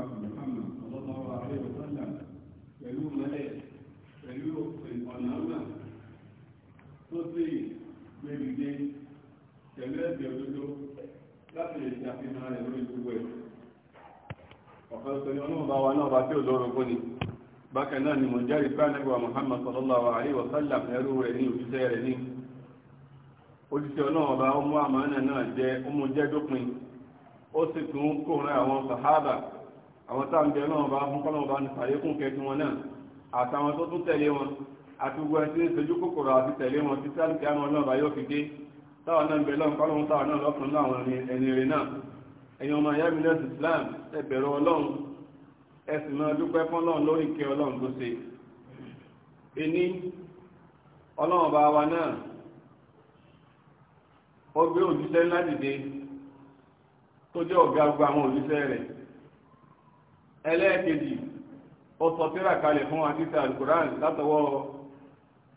Muhammad sallallahu alaihi wasallam pẹ̀lú ọ pẹ̀lú ọ̀nà ọ̀nà tó sì gbẹ̀gbẹ̀ pẹ̀lú ẹ̀bẹ̀ òdodo láti lè ṣe àfihàn ọ lórí gbogbo ẹ̀. ọ̀kan sọ ni ọlọ́run bá wa náà bá tí ò lọ́rùn kó ni bákan náà ni mo jẹ́rìí pé ànábì ọ Muhammad sallallahu alaihi àwọn tá à ń bẹ náà bá fún kọ́nà bá ní sàlékún kẹtù wọn náà àtàwọn tó tún tẹ̀lé wọn àti gbogbo ẹtí ń sojú kòkòrò àti tẹ̀lé wọn títí àti àwọn ọlọ́ọ̀bá yóò fi dé táwọn náà bẹ lọ́n kọ́nà Islam ẹ bẹ̀rù Ọlọ́run ẹ sì máa dúpẹ́ fún Ọlọ́run lórí ìkẹ́ Ọlọ́run tó ṣe ẹni Ọlọ́run bá wa náà ó jẹ́ ọ̀gá gbogbo àwọn òjíṣẹ́ rẹ̀ ẹlẹ́ẹ̀kejì ó sọ tírà kalẹ̀ fún àtìsà alukuran látọwọ́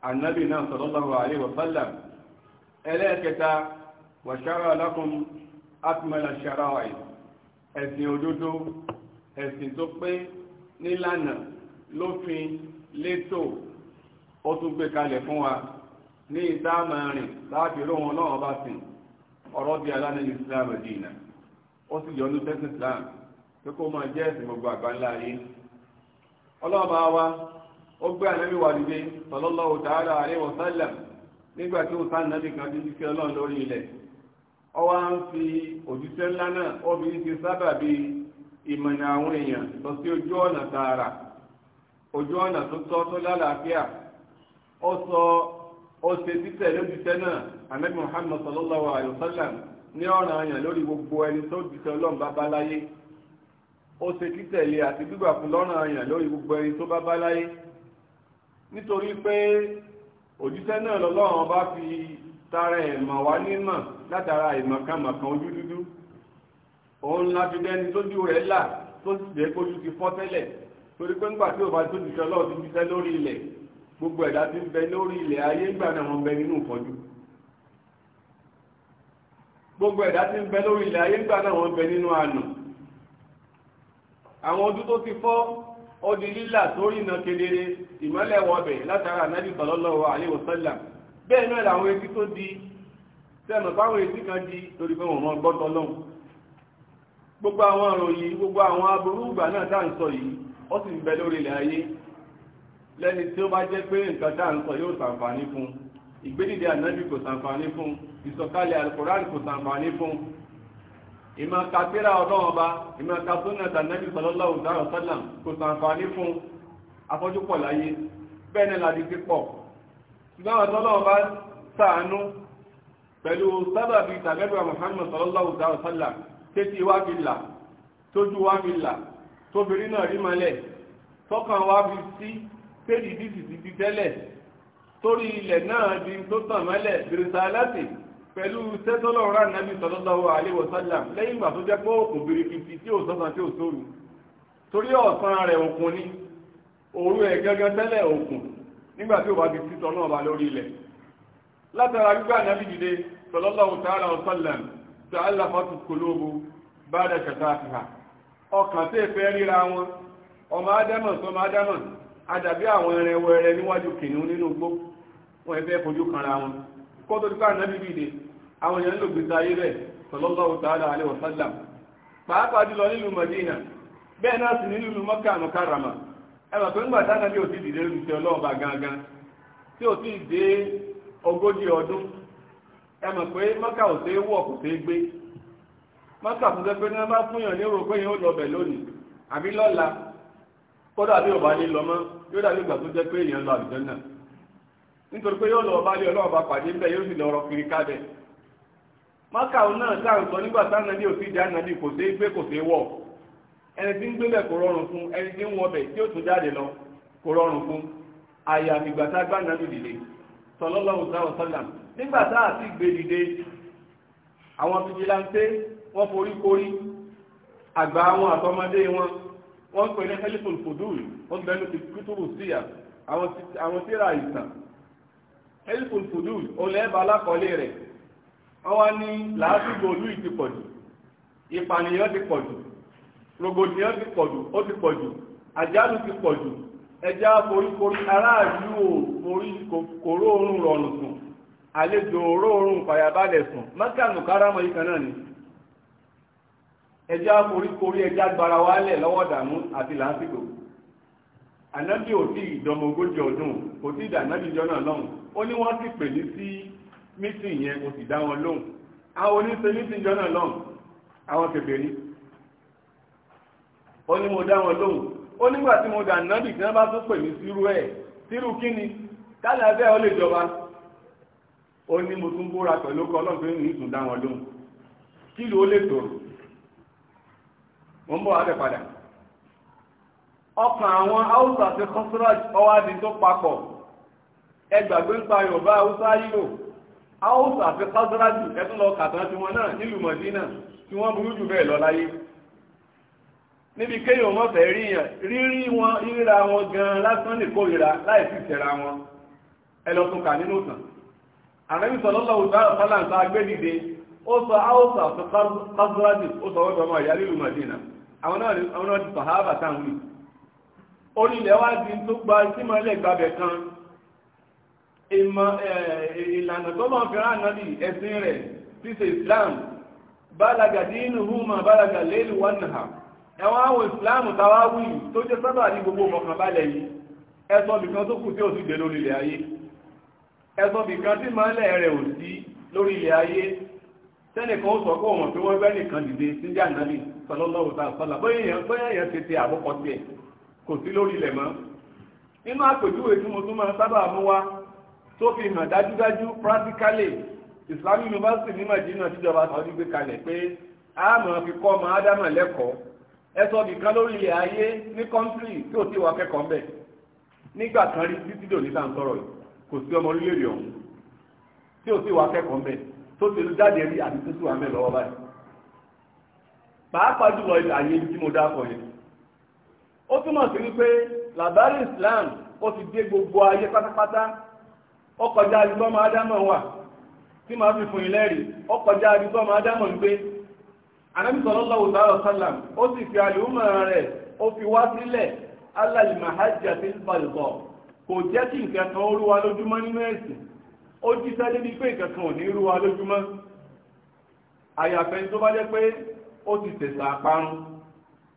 anabi náà sallallahu alaihi wa sallam ẹlẹ́ẹ̀kẹta wàṣára alákùn atmala ṣara'i ẹ̀sìn òdodo ẹ̀sìn tó pé nílànà lófin létò ó tún gbé kalẹ̀ fún wa ní ìdáàmà rìn láti lóhun náà bá sìn ọ̀rọ̀ di aláàrin islam dìínà ó sì yọnu tẹ́sí islam pé kó máa jẹ́ ẹ̀sìn gbogbo àgbáńlá ayé ọlọ́ọ̀bá wa ó gbé ànábì wa dìde sallallahu ta'ala alaihi wa nígbà tí ó sáà nàbì kan dídí sí ọlọ́run lórí ilẹ̀ ọ wá ń fi òjíṣẹ́ ńlá náà obìnrin ti sábà bí ìmọ̀nà àwọn èèyàn lọ sí ojú ọ̀nà tààrà ojú sọ ó ṣe títẹ̀ náà ànábì ní ọ̀ràn àyàn lórí gbogbo ẹni tó jíṣẹ́ ọlọ́run bá bá láyé ó ṣe títẹ̀lé àti gbígbà fún lọ́rùn àyàn lórí gbogbo ẹni tó bá bá láyé nítorí pé òjíṣẹ́ náà lọ́lọ́run bá fi tara ẹ̀mọ̀ wá nímọ̀ látara ìmọ̀kànmọ̀kan ojú dúdú òun la fi dẹni tójú rẹ̀ là tó sì jẹ́ kójú ti fọ́ tẹ́lẹ̀ torí pé nígbà tí ò bá tó lọ́ọ̀ ti jíṣẹ́ lórí ilẹ̀ gbogbo ẹ̀dá ti ń bẹ lórí ilẹ̀ ayé gbà náà wọn bẹ nínú ìfọ́jú gbogbo ẹ̀dá ti ń bẹ lórí ilẹ̀ ayé gbà náà wọn bẹ nínú àná àwọn ojú tó ti fọ́ ó di lílà tó rìnà kedere ìmọ́lẹ̀ wọbẹ̀ látara ànábì sallallahu alaihi wasallam bẹ́ẹ̀ náà làwọn etí tó di sẹ́nu báwọn etí kan di torí pé wọ́n mọ́ gbọ́tọ̀ lọ́hùn gbogbo àwọn àròyìn gbogbo àwọn aburú ìgbà náà tá à ń sọ yìí ó sì ń bẹ lórí ilẹ̀ ayé lẹ́ni tí ó bá jẹ́ pé nǹkan tá à ń sọ yóò ṣàǹfààní fún ìgbédìde ànábì kò ṣàǹfààní fún ìsọ̀kalẹ̀ alukoran kò ṣàǹfààní fún ìmọ̀ kàtírà ọlọ́run ọba ìmọ̀ kàtúnà tànàbí sallallahu alaihi wasallam kò sàǹfààní fún afọ́júpọ̀ láyé bẹ́ẹ̀ ni làdí ti pọ̀ ṣùgbọ́n àwọn tọ́lọ́run bá sàánú pẹ̀lú sábàbí tàbẹ́bà Muhammad sallallahu alaihi wasallam tẹ́tí wá fi là tójú wá fi là tóbìnrin náà rí malẹ̀ tọ́kàn wá fi sí tẹ́lì dìsì ti pẹ̀lú tẹ́tọ́lọ̀ ọ̀rá nàbí sallallahu alaihi wasallam lẹ́yìn ìgbà tó jẹ́ pé òkun birikiti tí ò sọ́sàn tí ò sóru torí ọ̀sán rẹ̀ òkun ni òru ẹ̀ gẹ́gẹ́ tẹ́lẹ̀ òkun nígbà tí ò bá fi títọ́ náà bá lórí ilẹ̀ látara gbígbà nàbí dìde sallallahu ta'ala wasallam ta'allafatu qulubu ba'da shatafiha ọkàn tẹ́ fẹ́ ríra wọn ọmọ ádámọ̀ sọmọ ádámọ̀ àdàbí àwọn ẹrẹ̀wẹ̀rẹ̀ níwájú kìnnìún kọ́tọ́ nípa ànábì dìde àwọn èèyàn nílò gbèsè ayé rẹ̀ sallallahu ta'ala alaihi wa sallam pàápàá jùlọ nílùú Madina bẹ́ẹ̀ náà sì nílùú maka Mukarrama ẹwà pé ńgbà táwọn ànábì ò ti dìde lórí iṣẹ́ ọlọ́ọ̀bà gangan tí ò ti dé ogójì ọdún ẹ pé Mọ́kà ò tẹ́ wọ̀ kò tẹ́ gbé Mọ́kà tó pé ní wọ́n bá fún yàn ní pé yẹn ó lónìí àbí nítorí pé yóò lọ ọba lé ọlọ́ọ̀ba pàdé ń bẹ̀ yóò sì lọ́rọ̀ kiri kábẹ̀ mọ́kà náà sáà sọ nígbà sáà nàbí òsì ìdí ànàbí kò sí gbé kò sí wọ̀ ẹni tí ń gbélẹ̀ kò rọrùn fún ẹni tí ń wọbẹ̀ tí ó tún jáde lọ kò rọrùn fún àyà àfìgbà tá a gbá nàbí dìde sọlọ́lọ́hùn sáà sọ́là nígbà sáà sì gbé dìde àwọn fìjìláńté wọ́n forí korí àgbà wọn àtọmọdé wọn wọ́n pè ní heliphon wọ́n bẹnu kìtùrù síyà àwọn tíra ìsàn helpful fudul olẹ́ẹ̀bà bala rẹ̀ wọ́n wá ní làásìgbò olú ìti pọ̀jù ìpànìyàn ti pọ̀jù rògbòdìyàn ti pọ̀jù ó ti pọ̀jù àjálù ti pọ̀jù ẹja foríkorí aráàlú ò forí kòró oorun rọrùn sùn àlejò oró oorun fàyàbalẹ̀ sùn mọ́kànù káràmọ́ yìí kan náà ni ẹja foríkorí ẹja gbara wálẹ̀ lọ́wọ́ dàmú àti làásìgbò ànábì ò tí ìdọmọ ogójì ọdún kò tí ìdà ànábì jọ́nà lọ́hùn ó ní wọ́n sì pè ní sí mítìn yẹn kò sì dá wọn lóhùn àwọn oníṣe mítìn jọ́nà lọ́hùn àwọn kèbèrè ó ní mo dá wọn lóhùn ó nígbà tí mo dà ànábì tí wọ́n bá tún pè ní sírú ẹ̀ sírú kí ni kálá bẹ́ẹ̀ ó lè jọba ó ní mo tún búra pẹ̀lú kọ́ ọlọ́run pé ní ìtún dá wọn lóhùn kí ló lè tòrò mo ń bọ̀ wá ọkàn àwọn haúsá àti kọ́síràj ọwádìí tó papọ̀ ẹgbàgbé ń pa yorùbá haúsá o haúsá àti kọ́síràj ẹtún lọ kàtàn tiwọn náà nílùú mọ̀dínà tí wọ́n burú jù bẹ́ẹ̀ lọ láyé níbi kéèyàn wọn fẹ́ rí yàn rírí wọn ríra wọn gan lásán lè láì wọn ẹ lọ tún kà nínú àrẹ́bí agbẹ́dìde ó sọ haúsá àti sọ orílẹ̀ wá di tó gba símọ́lẹ̀ gbàbẹ̀ kan ìlànà tó lọ́n fẹ́ràn náà di ẹ̀sìn rẹ̀ ṣíṣe Islam bálaga dínú húmọ̀ bálaga lẹ́lú wọn nà ẹwọ́n àwọn Islam tàwáwí tó jẹ́ sábà ní gbogbo mọ̀kànbalẹ̀ yìí ẹ̀sọ́ bìkan tó kù tí ò sì dé lórí ilẹ̀ ayé ẹ̀sọ́ bìkan tí mọ́lẹ̀ rẹ̀ ò sí lórí ilẹ̀ ayé tẹ́nìkan ó sọ pé òun fi wọ́n bẹ́ẹ̀ nìkan dìde síjà náà ní sọlọ́lọ́wọ́ sàlọ́ bóyá èèyàn tètè àbúkọ tiẹ̀ kò sí lórí ilẹ̀ mọ́ nínú àpèjúwe tí mo tún máa sábà mú wá tó fi hàn dájúdájú practically Islamic University ní Madina tíjọba Saudi gbé kalẹ̀ pé àmọ́ fi kọ́ ọmọ ádámà lẹ́kọ̀ọ́ ẹ sọ nìkan lórí ilẹ̀ ayé ní kọ́ńtírì tí ò tí wà kẹ́kọ̀ọ́ mbẹ̀ nígbà kan rí títí dòní tá à ń sọ̀rọ̀ yìí kò sí ọmọ orílẹ̀-èdè ọ̀hún tí ò sí wà kẹ́kọ̀ọ́ mbẹ̀ tó ti jáde rí àti tútù wà mẹ́ lọ́wọ́ báyìí pàápàá jùlọ ayé tí mo dákọ̀ yẹn ó túmọ̀ sí wípé làbárí Islam ó ti dé gbogbo ayé pátápátá ó kọjá alibọ́mọ ádámọ̀ wà tí si fi fún ilẹ̀ rí ó kọjá alibọ́mọ ádámọ̀ ń gbé Ànábì sallallahu alaihi wasallam ó sì rẹ̀ ó fi wá sílẹ̀ alàlìmáhájà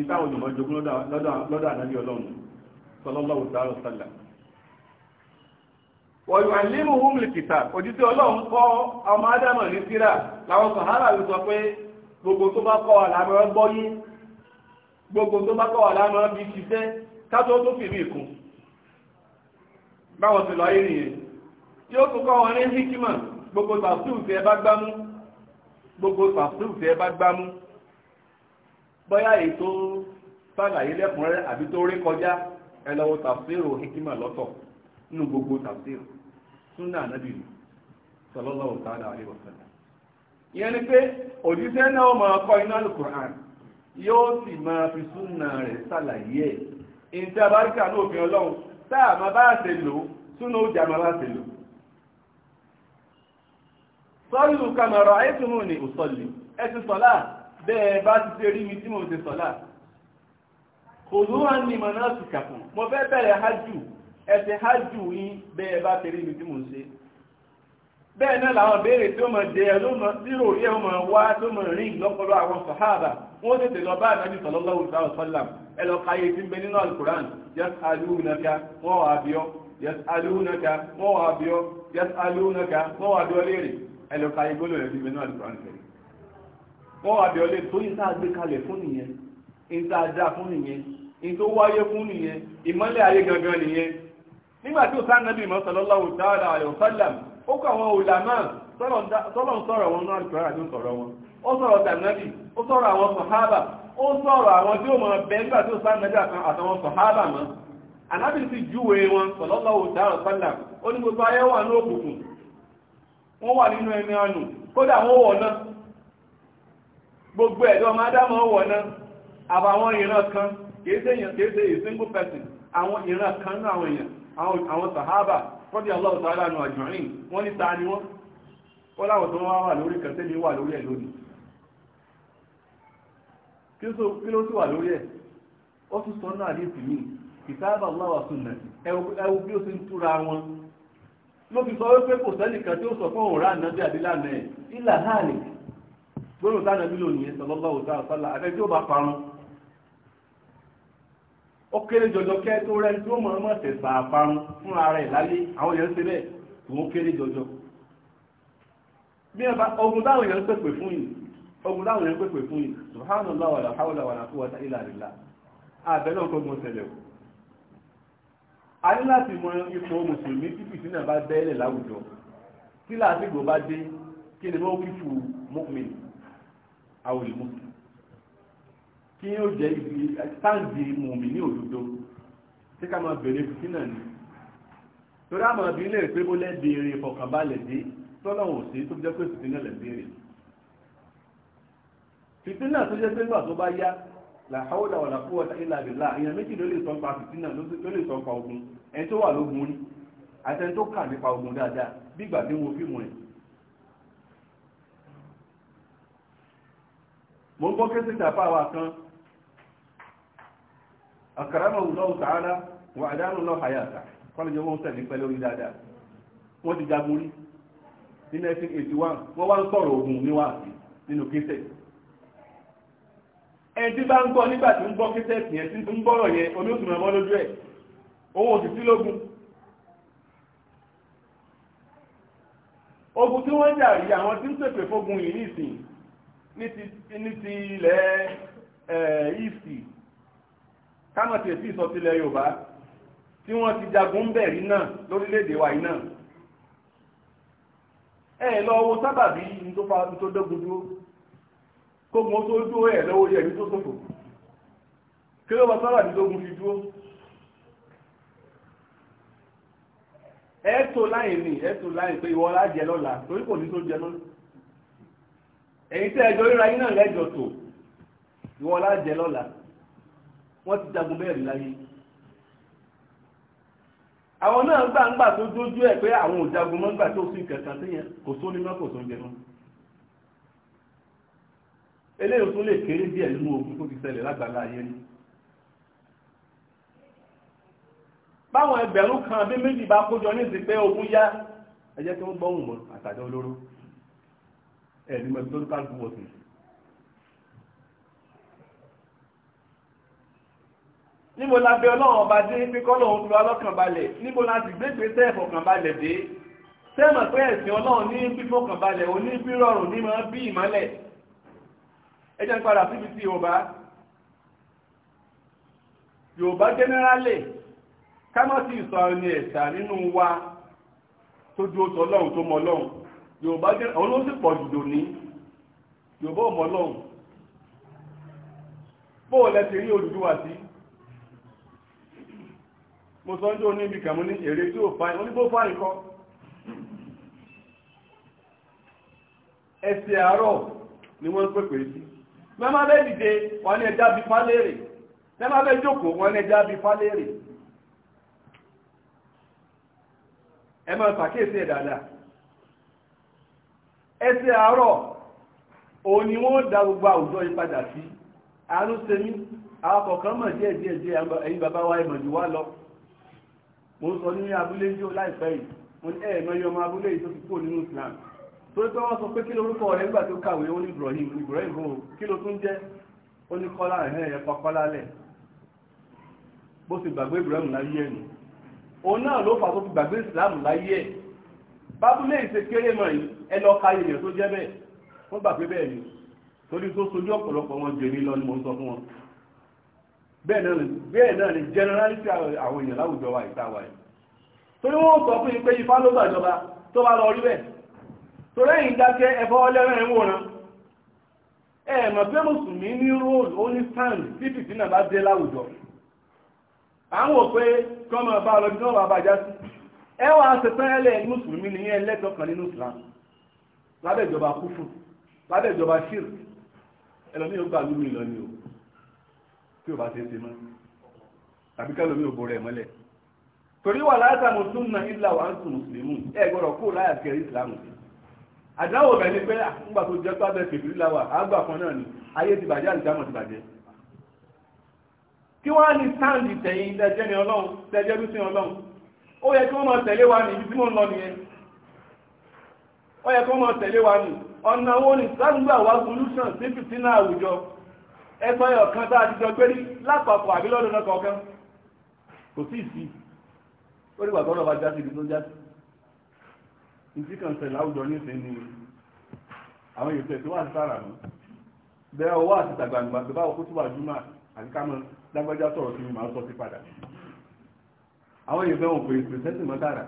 ìtàwọn olùmọ̀ jogún lọ́dọ̀ ànábí ọlọ́run sọlọ́lọ́wọ́ sàárọ̀ sálà wọ̀nyí àìlímù húnmìlì kìtà òjíṣẹ́ ọlọ́run kọ́ ọmọ ádámọ̀ ní síra làwọn sàhárà ló sọ pé gbogbo tó bá kọ́ àlámọ́ gbọ́yé gbogbo tó bá kọ́ àlámọ́ bí ṣiṣẹ́ kátó tó fìrí ìkún báwọn sì lọ ayé nìyẹn tí ó tún kọ́ wọn ní hikima gbogbo tàṣù tẹ́ bá gbámú gbogbo tàṣù tẹ́ bá gbámú bóyá èyí tó sàlàyé lẹ́kùnrẹ́rẹ́ àbí tó rí kọjá ẹ lọ wo tafsiru hikima lọ́tọ̀ nínú gbogbo tafsiru súnà ànábì ni sallallahu ta'ala alaihi wa sallam ìyẹn ni pé òjíṣẹ́ náà máa kọ́ iná alukur'an yóò sì máa fi súnà rẹ̀ sàlàyé ẹ̀ ìta báríkà ní òfin ọlọ́run táà máa bá àṣẹ lò súnà ó jà bá àṣẹ lò sọ́lù kàmọ̀rọ̀ ayé túnmù ní ẹ ti sọ̀lá bẹ́ẹ̀ bá ti ṣe rí mi tí mo ṣe sọ̀lá kòló wà ní ìmọ̀ náà sì kàkùn mo fẹ́ bẹ̀rẹ̀ hajjù ẹ̀sẹ̀ hajjù yín bẹ́ẹ̀ bá ṣe rí mi tí mo ṣe bẹ́ẹ̀ náà làwọn béèrè tí ó mọ̀ jẹ ẹ̀ ló mọ̀ zero rí ẹ̀ mọ̀ wá tó mọ̀ rìn lọ́pọ̀lọ́ àwọn sàhábà wọ́n tètè lọ bá àdájú sallallahu alaihi wasallam ẹ lọ káyé tí ń bẹ nínú alukuran yas'alunaka wọ́n wà bíọ́ yas'alunaka wọ́n wà kẹrì wọ́n wà tó yìí tá a fún nìyẹn tá fún nìyẹn wáyé fún nìyẹn ìmọ́lẹ̀ ayé gangan nìyẹn ó kọ wọn náà kìrọ̀ àti sọ̀rọ̀ wọn ó sọ̀rọ̀ tànàbì ó sọ̀rọ̀ àwọn sàhábà ó sọ̀rọ̀ àwọn tí ó mọ̀ bẹ́ nígbà tí ó àtàwọn mọ́ wọn sallam ó ní gbogbo ayé wà ní òkùnkùn wọ́n wà nínú ẹni kódà gbogbo ẹ̀dọ́ ma adámọ̀ wọ̀ náà àbàwọn ìran kan kìí a single person àwọn ìran kan náà àwọn èèyàn àwọn sàhábà fọ́dí Allah ta'ala nù wọ́n ní ni wọ́n ó láwọn tó wá wà lórí kẹsẹ́ ni wà lórí ẹ̀ lónìí kí ló sì wà lórí ẹ̀ ó tún sọ náà wa gbọ́dọ̀ sáà nàbí lónìí sallallahu alaihi wasallam abẹ́ tí ó bá parun ó kéré jọjọ kẹ́ tó rẹ́ tí ó mọ̀ ọmọ tẹ̀sà parun fún ara ẹ̀ lálé àwọn èèyàn ṣe bẹ́ẹ̀ tó ń kéré jọjọ bí ẹ bá ogun táwọn èèyàn pèpè fún yìí ogun táwọn èèyàn pèpè fún yìí subhanallah wala hawla wala quwwata illa billah àbẹ̀ náà kọ́ gbọ́n awòlè mú kí yóò jẹ́ ibi táǹdì mùmí ní òdodo tí ká máa bèrè fún sínà ni torí àmọ́ ibi ilé pé bó lẹ́bìrì ìfọ̀kànbalẹ̀ dé tọ́lọ́wọ̀n sí tó jẹ́ pé fìtínà lẹ́bìrì fìtínà tó jẹ́ pé nígbà tó bá yá làhàwọ́dà wà láfúwọ́ta ilà àbílà èèyàn méjì ló lè sọ pa fìtínà ló lè sọ pa ogun ẹni tó wà lógun rí àti ẹni tó kà nípa ogun dáadáa bí ìgbà tí wọn fíìmù rẹ̀ mo gbọ́ kéṣe tàfà wa kan àkàràmọ̀ ọ̀dọ́ ta'ala wà àdánù lọ àyàtà kọ́lẹ̀jọ́ wọn sẹ̀lẹ̀ pẹ̀lú orí dáadáa wọ́n ti jagun rí ní 1981 wọ́n wá ń sọ̀rọ̀ ogun níwáàsí nínú kéṣe ẹni tí bá ń gbọ́ nígbà tí ń gbọ́ kéṣe yẹn tí ń gbọ́rọ̀ yẹn omi òsùn mọ́ lójú ẹ̀ owó òsì ogun tí wọ́n jà rí àwọn tí ń pèpè fógun yìí nísìnyí ní ti ilẹ̀ ìsì kámọ̀tì èsì ìsọ̀tílẹ̀ Yorùbá tí wọ́n ti jagun bẹ̀rí náà lórílẹ̀-èdè wa yìí náà ẹ̀ lọ wo sábàbí ní tó dógun dúró kógun ó tó dúró ẹ̀ lọ́wọ́ yẹ̀ ní tó ṣòfò kí ló bá sábàbí dógun fi dúró ẹ̀ tó láyìn ni ẹ̀ tó láyìn pé ìwọ́lá jẹ lọ́la torí kò ní tó jẹ lọ́la èyí tẹ́ ẹjọ́ ríra yín náà lẹ́jọ́ tó ìwọ lájẹ lọ́la wọ́n ti jagun bẹ́ẹ̀ rí láyé àwọn náà gbà ń gbà tó dójú ẹ̀ pé àwọn ò jagun mọ́ gbà tó sí kẹ̀kẹ́ síyẹn kò sóni mọ́ kò sóúnjẹ mọ́ eléyìí tún lè kéré díẹ̀ nínú ogun tó ti ṣẹlẹ̀ lágbàlá ayé ni báwọn ẹgbẹ̀rún kan bí méjì bá kójọ ní ìsìn pé ogun yá ẹjẹ́ tí wọ́n gbọ́ òun mọ́ àtàjọ olóró ẹ̀rí mọ́ tó ká gbọ́ sí. níbo la bẹ ọlọ́run ọba dé pé kọ́lọ̀ òun fi wá lọ́kàn balẹ̀ níbo la sì gbégbé sẹ́ẹ̀fọ̀ kàn balẹ̀ dé sẹ́ẹ̀mọ̀ pé ẹ̀sìn ọlọ́run ní fífọkàn balẹ̀ òní fírọ̀rùn ní mọ́ bí ìmọ́lẹ̀ ẹ jẹ́ padà síbi tí yorùbá yorùbá jẹ́nẹ́rálẹ̀ ká má sì sọ àwọn ẹ̀sà nínú wa tó ju oṣù ọlọ́run tó mọ ọlọ́run yorùbá jẹ́ àwọn olóṣèlú pọ̀ jù dòní yorùbá ọmọ lọ́hùn bóò lẹ́sẹ̀ rí Odùduwà sí mo sọ ń jò ní ibi kàmú ní èrè tí ó fáyín ó ní bó fáyín kọ́ ẹsẹ̀ àárọ̀ ni wọ́n ń pèpè sí mẹ́má bẹ́ dìde wọ́n ní ẹja bí fálẹ́rẹ̀ mẹ́má bẹ́ jókòó wọ́n ní ẹja bí fálẹ́rẹ̀ ẹ máa pàkíyèsí ẹ̀ dáadáa ẹsẹ̀ àárọ̀ òun ni wọ́n dá gbogbo àwùjọ yìí padà sí àánú sẹ́mi àwọn mọ̀ díẹ̀ díẹ̀ díẹ̀ ẹ̀yin bàbá wa ẹ̀mọ̀ jù wá lọ mo sọ ní abúlé jù láìpẹ́ yìí mo ní ẹ̀ẹ̀mọ yọmọ abúlé yìí tó fi kó nínú Islam torí pé wọ́n sọ pé kí lorúkọ rẹ̀ nígbà tó kàwé ó ní Ibrahim Ibrahim o kí ló tún jẹ́ ó ní kọ́lá ẹ̀hẹ́ ẹ̀ pa kọ́lá lẹ̀ bó ti gbàgbé Ibrahim láyé ẹ̀ nù òun náà ló fà tó fi gbàgbé Islam láyé ẹ̀ bábúlé ìṣe kéré mọ̀ yìí ẹ lọ ka èèyàn tó jẹ́ bẹ́ẹ̀ wọ́n gbà pé bẹ́ẹ̀ ni torí tó sojú ọ̀pọ̀lọpọ̀ wọn jèrè lọ ni fún wọn bẹ́ẹ̀ náà ni generality àwọn èèyàn láwùjọ wa ìta wa yìí torí wọ́n sọ fún ipé ifá ló gbàjọba tó bá lọ rí bẹ́ẹ̀ torí ẹ̀yìn dákẹ́ ẹ̀fọ́ ọlẹ́rìn wòran ẹ̀mọ̀ pé mùsùlùmí ní róòlù ó stand tí bá dé ẹ wà á sẹsẹ ẹlẹ mùsùlùmí ni yẹn lẹ́tọ̀ọ́ kan nínú islam lábẹ́ ìjọba kúfù lábẹ́ ìjọba ṣír ẹlòmíì ó gbà lómi ìlọni o tí o bá ṣe é ṣe mọ́ tàbí kẹlòmíì ò borẹ mọ́lẹ̀ torí wà láyàtà mùsùlùmí náà ìlà wà ń sùn mùsùlùmí ẹ gbọ́dọ̀ kó láyà kẹrì islam sí àdáwò bẹ́ẹ̀ ni pé àgbà tó jẹ́ pàbẹ́ fèfèrè láwà àgbà kan náà ni ayé ti bàjẹ́ àlùjámọ̀ ti bàjẹ́ kí wọ́n á ní sáǹdì tẹ̀yìn tẹ́jẹ́ ni ọlọ́run tẹ́jẹ́ bí sí ọlọ́run ó yẹ kí wọ́n máa tẹ̀lé wa ní ibi tí mò lọ nìyẹn ó yẹ kí wọ́n máa tẹ̀lé wa ní ọ̀nà ni sáńgbà wa solution sí fìtínà àwùjọ ẹgbẹ́ ẹ̀yọ̀ a ti jọ kò sí ìsí ó rí ibi tó ìsí kan ṣẹlẹ̀ àwùjọ ní ìsìn àwọn èèyàn wà sí sára mọ́ bẹ́ẹ̀ ọwọ́ àti tàgbàǹgbà tó bá wọ́n kó tó wà àwọn èèyàn fẹ́ràn òfin ìpìrìsẹ́sì mọ́ dára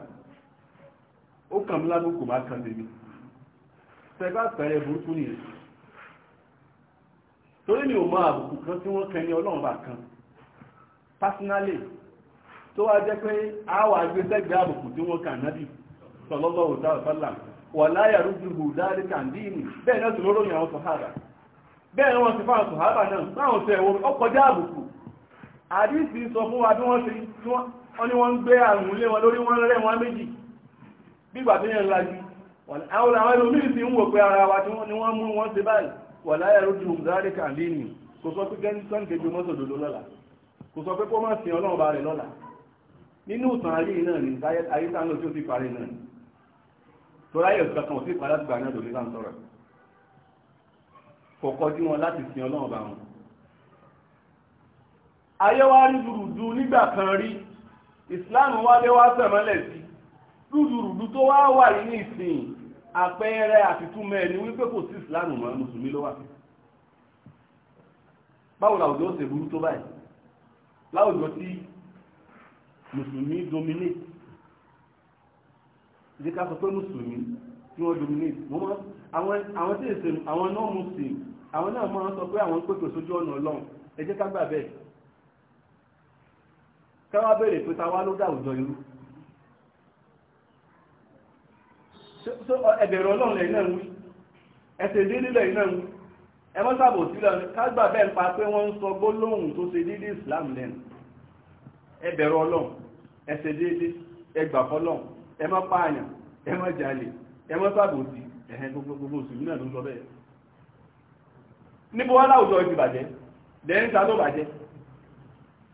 ó kàn mí lábùkù bá kan tèmi sẹ́gbà pẹ̀rẹ̀ burúkú nìyẹn torí mi ò mọ àbùkù kan tí wọ́n kẹni ọlọ́run bá kan personally tó wá jẹ́ pé àwọn agbésẹ́gbẹ́ àbùkù tí wọ́n kàn nábì sallallahu alaihi wasallam wà láyà rúgbùgbù dáríkà dínì bẹ́ẹ̀ náà tòlóró ní àwọn sọ̀hábà bẹ́ẹ̀ wọ́n ti fáwọn sọ̀hábà náà láwọn tẹ̀wọ́ ọkọjá àbùkù àdísì sọ fún wa bí wọ́n ṣe wọ́n ní wọ́n ń gbé àrùn lé wọn lórí wọ́n rẹ̀ wọ́n méjì bígbà tó yẹn lajú àwọn àwọn ẹlòmíì ti ń wò pé ara wa tí wọ́n ni wọ́n mú wọn ṣe báyìí wà láyà lójú òmùdárí kàlí nì kò sọ pé kẹ́ńtọ́n kejì mọ́sòdòdó lọ́la kò sọ pé kó má sin ọlọ́run ba rẹ̀ lọ́la nínú ìtàn ayé náà ni ayé tá ń lò tí ó ti parí náà ni tó ráyè kankan ò sí padà gbà náà lórí láǹ sọ̀rọ̀ kò kọjú wọn láti sin ọlọ́run ba wọn ayé nígbà kan rí ìsìláàmù wá lé wá sẹ̀mọ́lẹ̀ sí rúdurùdu tó wá wà yìí ní ìsìn àpẹẹrẹ àfitúnmẹ́ ẹni wípé kò sí ìsìláàmù mọ́ mùsùlùmí ló wà báwo làwùjọ ṣe burú tó báyìí láwùjọ tí mùsùlùmí dominate ìdí ká sọ pé mùsùlùmí tí wọ́n dominate wọ́n àwọn tí èsè àwọn náà mùsùlùmí àwọn náà máa ń sọ pé àwọn pépè sójú ọ̀nà ọlọ́run ẹ jẹ́ ká gbà bẹ́ẹ̀ káwá bèèrè pé ta wá ló dá àwùjọ irú ẹ̀bẹ̀rẹ̀ ọlọ́run lẹ́yìn náà ń wí ẹ̀sẹ̀ dídí lẹ́yìn náà ń wí ẹ mọ́ sábò sílẹ̀ kágbà bẹ́ẹ̀ ń pa pé wọ́n ń sọ gbólóhùn tó ṣe dídí Islam lẹ́nu ẹ̀bẹ̀rẹ̀ ọlọ́run ẹ̀sẹ̀ dídí ẹgbà fọlọ́run ẹ mọ́ pààyàn ẹ mọ́ jalè ẹ mọ́ sábò sí ẹ̀hẹ́ gbogbo òṣèlú náà ló sọ bẹ́ẹ̀ níbo wá láwùjọ ìbàjẹ́ lẹ́yìn ta ló bàjẹ́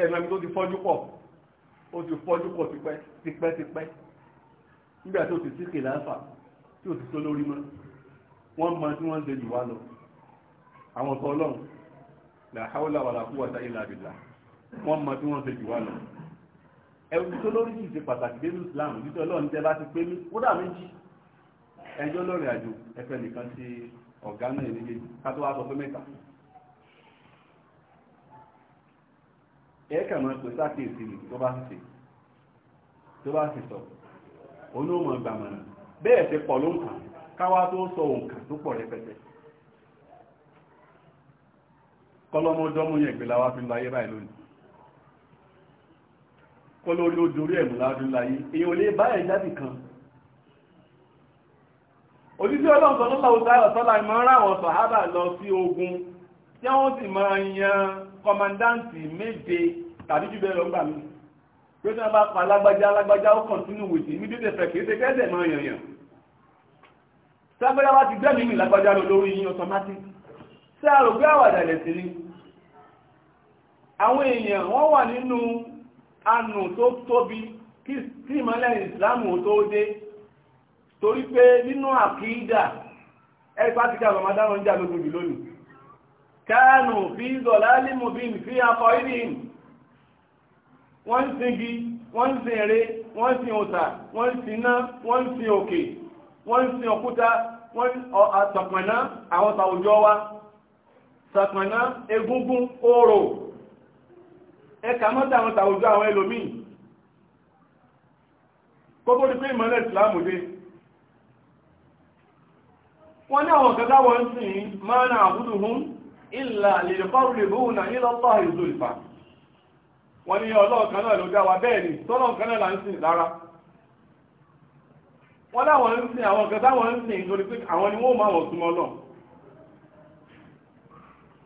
ẹ̀rọ mi tó ti fọ́jú pọ̀ ó ti fọ́jú pọ̀ tipẹ́ tipẹ́ tipẹ́ nígbà tó ti síkè láǹfà tí ò ti tó lórí mọ́ wọ́n mọ tí wọ́n ń ṣe jù wá lọ àwọn ọ̀tọ̀ ọlọ́run la hawla wala quwwata illa billah wọ́n mọ tí wọ́n ń ṣe jù wá lọ ẹ̀rù tó lórí sì ṣe pàtàkì nínú Islam nítorí ọlọ́run tẹ́ bá ti pé mí kódà méjì ẹjọ́ lórí àjò ẹfẹ́ nìkan ti ọ̀gá náà ní méjì ká tó wá sọ pé mẹ́ta ẹ̀ẹ́kà máa pè sákèsì nì tó bá sì tó bá sì sọ onóòmọ̀ gbàmọ̀nà bẹ́ẹ̀ ti pọ̀ ló ń kàn káwá tó sọ òǹkà tó pọ̀ rẹpẹtẹ kọlọmọdọ́mú yẹn gbé láwá fi ń láyé báyìí lónìí kọlórí ó dorí ẹ̀mù láàrin láyé èyàn lè bá ẹ̀jáde kan òjísí ọlọ́ǹkan lọ́lọ́wọ́ sáyọ̀ sọ́lá ìmọ̀ ráwọn sàhábà lọ sí ogun tí wọ́n sì máa yan kọmandáǹtì méje tàbí jù bẹ́ẹ̀ lọ gbà mí pé tí wọ́n bá pa alágbájá alágbájá ó kàn sínú wèsì mí dédé fẹ̀ kéde kẹ́sẹ̀ mọ́ yànyàn sábẹ́rẹ́ wá ti gbẹ́mìí mi lágbájá lọ lórí yín automatic sí àrògbé àwàdà ẹ̀sì ni àwọn èèyàn wọ́n wà nínú anù tó tóbi kí ìmọ́lẹ̀ ìsìláàmù tó dé torí pé nínú àkídà ẹgbàtíkà ramadan ń jà lógún jù lónìí káànù fi zọ̀lálì mubin fi akọ ìrìn wọ́n ń singi wọ́n ń sin eré wọ́n ń sin òòtà wọ́n ń sin iná wọ́n ń sin òkè wọ́n ń sin òkúta wọ́n àtọ̀pọ̀nà àwọn tàwùjọ wa tàpọ̀nà egúngún orò ẹka mọ́ta àwọn tàwùjọ àwọn ẹlòmíì kókó ní pé ìmọ̀lẹ̀ ìsìlámù dé wọ́n ní àwọn kẹta wọ́n ń sìn máa na àbúdù hún ìlà lèlùkọ́rùlèbùnà ìlọ́lọ́ ìzòlùfà wọ́n ní ọlọ́ọ̀kan náà ló dáwà bẹ́ẹ̀ ni tọ́lọ́ọ̀kan náà ń sìn lára wọ́n láwọn ń sìn àwọn ọ̀gá ń sìn pé àwọn ni wọ́n máa wọ̀ súnmọ́ lọ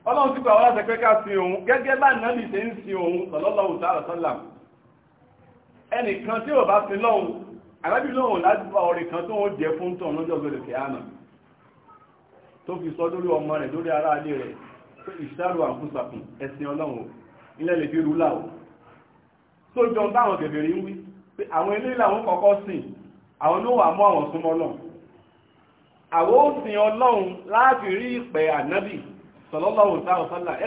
ọlọ́run ti gbà wọ́n láti pẹ́ ká òun gẹ́gẹ́ bá nàbì ṣe ń sin òun sallallahu ta'ala kan fi ìṣàrò àkúsàkùn ẹ̀sìn ọlọ́run ilẹ̀ lè fi rúlà o tó jọ táwọn kèfèrí ń wí pé àwọn ilé làwọn kọ́kọ́ sìn àwọn ló wà mọ́ àwọn súnmọ́ ọlọ́run àwọn ó sìn ọlọ́run láti rí ìpẹ́ ànábì sọlọ́lọ́run táwọn sọ́là ya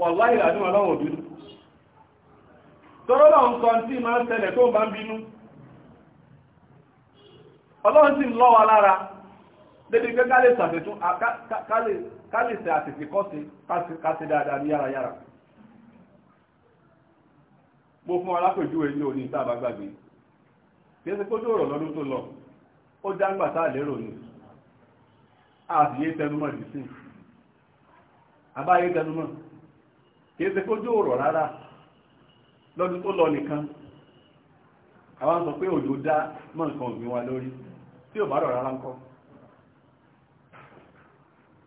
wàláì ìrànú ọlọ́run òbínú tọ́rọ tí tó bá lára débi pé lè ṣàfẹ́tún ká lè kọ́sí dáadáa ní mo fún alápèjúwe ní òní ìtàbà gbàgbé kójú ọ̀rọ̀ lọ́dún tó lọ ó lérò ní àbíyé kìí ṣe kójú ọ̀rọ̀ rárá lọ́dún tó lọ nìkan àwọn sọ pé òjò dá mọ́ nǹkan ọ̀gbìn wa lórí tí ò bá rọ̀ rárá ń kọ́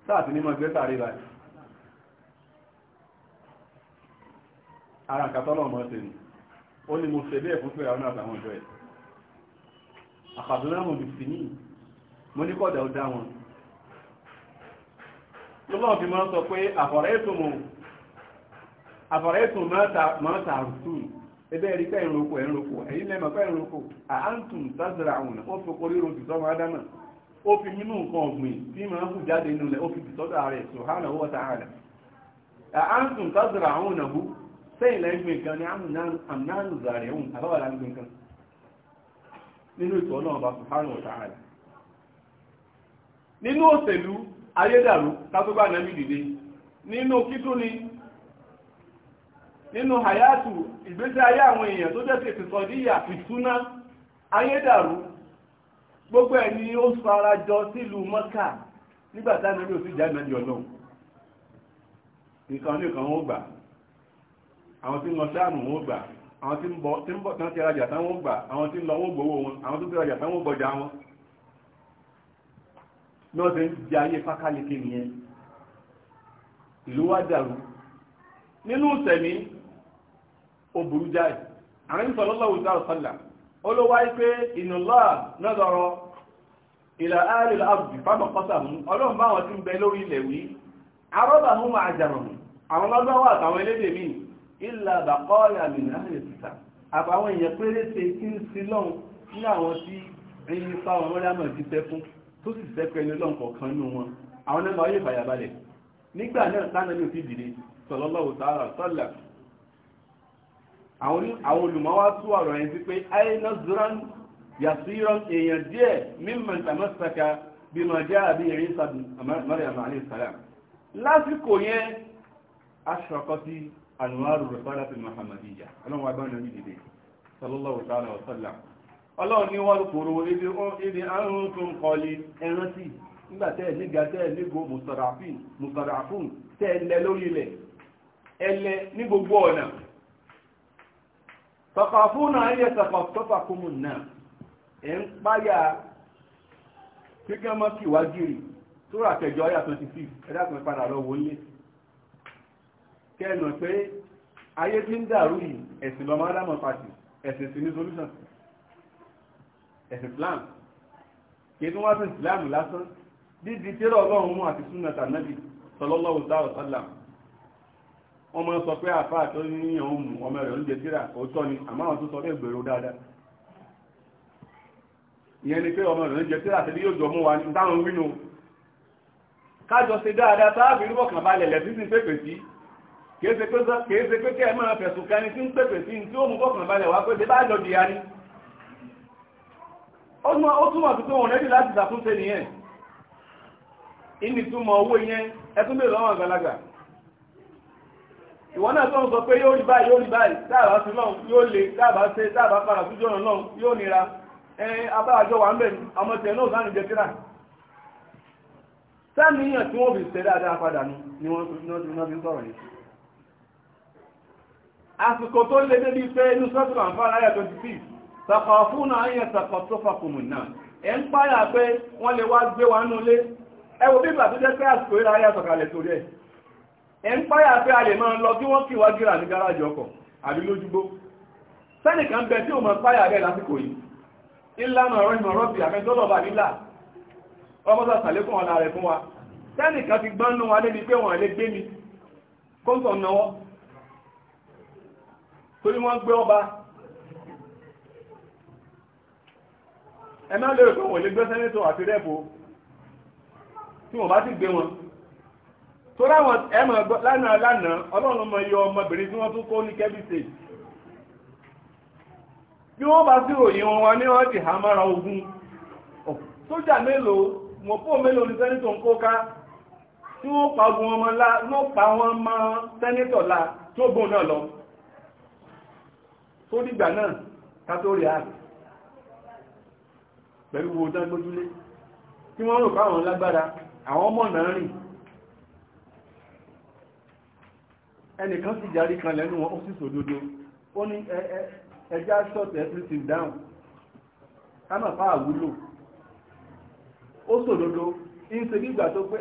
sáàtì ní mọ́ ẹgbẹ́ sáré báyìí ara nǹkan tọ́lọ̀ mọ́ ṣe nù ó ní mo ṣe bẹ́ẹ̀ fún fẹ́ra náà àtàwọn ọjọ́ ẹ̀ àpàtó náà mo bìsì ní mo ní kọ́dà ó dá wọn lọ́wọ́ fi máa sọ pé àfọ̀rẹ́ ètò mọ̀ àfọ̀rẹ́sùn mọ́ta rùsùn ebe ẹ̀rí pẹ́ ìrókò ẹ̀rókò ẹ̀yìn lẹ́mọ̀ pẹ́ ìrókò àántùn sásìrà àwọn ó fi korí ro jù sọ́mọ ádámà ó fi nínú nǹkan ọ̀gbìn tí máa ń kù jáde ó fi tìtọ́dọ̀ rẹ̀ sùhánà owó tààrà àántùn sásìrà àwọn ọ̀nà hù sẹ́yìn lẹ́gbẹ̀ẹ́ nǹkan ni àmúnánù zàrẹ̀ òun àbáwà nínú hayatu ìgbésí ayé àwọn èèyàn tó jẹ́ sí ìfìsọ̀díyà fìtúná ayédàrú gbogbo ẹ̀ ni ó farajọ sílùú mọ́kà nígbà tí ànábì òsì jáde ọlọ́run nìkan ó gbà àwọn tí ń lọ sáàmù wọn gbà àwọn tí ń ti rajà táwọn gbà àwọn tí ń lọ gbowó wọn àwọn tó rajà táwọn gbọjà wọn náà ti ń di ayé nìyẹn ìlú ó burú jáì àwọn ìsọ̀lọ́lọ́wù sáà sọ́là ó ló wáyé pé ìnùlá nọ́dọ̀rọ̀ ìlà ààrẹ àbùdì fábà kọ́sà mú ọlọ́run bá wọn ti ń bẹ lórí ilẹ̀ wí arọ́bà mú máa jàrọ̀ mú àwọn lọ́gbọ́n wà àtàwọn elédè míì ìlà àbàkọ́ọ̀yà mi náà lè sísà àbáwọn èèyàn péréte tí ń sin lọ́hùn ní àwọn tí ẹyin fáwọn mọ́lámọ̀ ti fẹ́ fún tó sì fẹ́ pẹ̀lú ọlọ́run kọ̀ọ̀kan nínú wọn àwọn náà lọ yé nígbà náà tánà ní òfin dìde sallallahu àwọn olùmọ́wá tó ọ̀rọ̀ yẹn sí pé àìná zuran yasiran èèyàn díẹ̀ mímọ̀ tàmásàkà bí mọ̀ jẹ́ àbí ìrìn sàbí Maryam alayhi salam lásìkò yẹn aṣọ́kọ́tí anwaru rẹ̀sọ́lá fi Muhammadiyya ọlọ́run agbọ́n náà nídìde sallallahu ta'ala wa sallam ọlọ́run ní wọ́n kúrò ibi àrùn tún kọlí ẹrántí nígbà tẹ́ẹ̀ nígbò mùsàràfún tẹ́ẹ̀ lẹ lórí ilẹ̀ ẹlẹ ní gbogbo ọ̀nà tọ̀kọ̀fún ayé tọ̀kọ̀tọ́fàkúnmùn náà ẹ̀ ń páyà kíkẹ́ mọ́ kí wá gírì tó rà tẹ̀jọ ọyà 26 ẹ̀dàkùn padà lọ wọ́n lé kẹ́ẹ̀nà pé ayé tí ń dàrú yìí ẹ̀sìn lọ́mọ adámọ̀ pàtì ẹ̀sìn sí ní solution wọ́n máa sọ pé àfáà tó ní òun mú ọmọ rẹ̀ oúnjẹ òótọ́ ni àmọ́ àwọn tó sọ pé gbèrò dáadáa ìyẹn ni pé ọmọ rẹ̀ oúnjẹ tíra tẹ́lẹ̀ yóò jọ mú wa ní táwọn wínú kájọ ṣe dáadáa táàbì ní bọ̀kàn balẹ̀ lẹ̀ títí pépè sí kèése pé kẹ́ ẹ fẹ̀sùn kan ní tí ń pépè sí tí ó mú bọ̀kàn balẹ̀ wá pé dé bá jọ dìyà ni ó túmọ̀ sí pé rẹ́dì láti ṣàtúnṣe nìyẹn ìnìtúmọ̀ owó yẹn lọ́wọ́ àgbàlagbà ìwọ náà tó ń sọ pé yóò rí báyìí yóò rí báyìí dáàbà sí lọ́hùn yóò le dáàbà ṣe dáàbà padà sójú ọ̀nà lọ́hùn yóò nira ẹ abáwájọ wà ń bẹ̀ ọmọ tiẹ̀ náà sáà ní jẹtìrà sáàmìyàn tí wọ́n fi ṣe dáadáa padà ni wọ́n fi ń sọ̀rọ̀ yìí àsìkò tó lé débi pé inú sọ́tù àǹfààní ayà 26 sàkọ̀ fún náà yẹn sàkọ̀ tó fàkùnmù náà ẹ̀ ń páyà pé wọ́n lè wá gbé wa nulẹ̀ ẹ wo bí bàtú jẹ́ pé àsìkò ìlà ayà sọ̀kalẹ̀ torí ẹ̀ ẹ̀ ń páyà pé a lè máa lọ bí wọ́n kí wá gíra ní gáràjì ọkọ̀ àbí lójúgbó sẹ́nìkan bẹ tí ò mọ̀ páyà rẹ̀ lásìkò yìí ìlànà ọ̀rọ̀ ìmọ̀ rọ́bì àfẹ́tọ́lọ̀bà nílà ọmọ sàtàlékùn ọ̀la rẹ̀ fún wa sẹ́nìkan ti gbọ́n nú wa débi pé wọ́n lè gbé mi kóńtọ̀ náwọ́ torí wọ́n gbé ọba ẹ má lérò pé wọ́n lè gbé sẹ́nìtọ̀ àti rẹ́pù tí wọ́n bá ti gbé torí àwọn ẹ̀mọ̀ lánàá lánàá ọlọ́run mọ iye ọmọbìnrin tí wọ́n tún kó ní kẹ́bí stage bí wọ́n bá sí òyìn wọn ní wọ́n ti há mára ogun oh, sójà mélòó mọ̀pó mélòó ní sẹ́nitọ̀ ń kó ká tí wọ́n pa ogun ọmọ ńlá wọ́n pa wọn mọ́ sẹ́nitọ̀ la tó gbóhùn náà lọ tó dìgbà náà ká tó rí ààrẹ pẹ̀lú wo dán gbójúlé tí wọ́n rò fáwọn lágbára àwọn ọmọ náà rìn ẹnìkan sì jarí kan lẹ́nu wọn ó sì sòdodo ó ní ẹjá short everything down ká mà fà àwúlò ó sòdodo In ṣe nígbà tó pé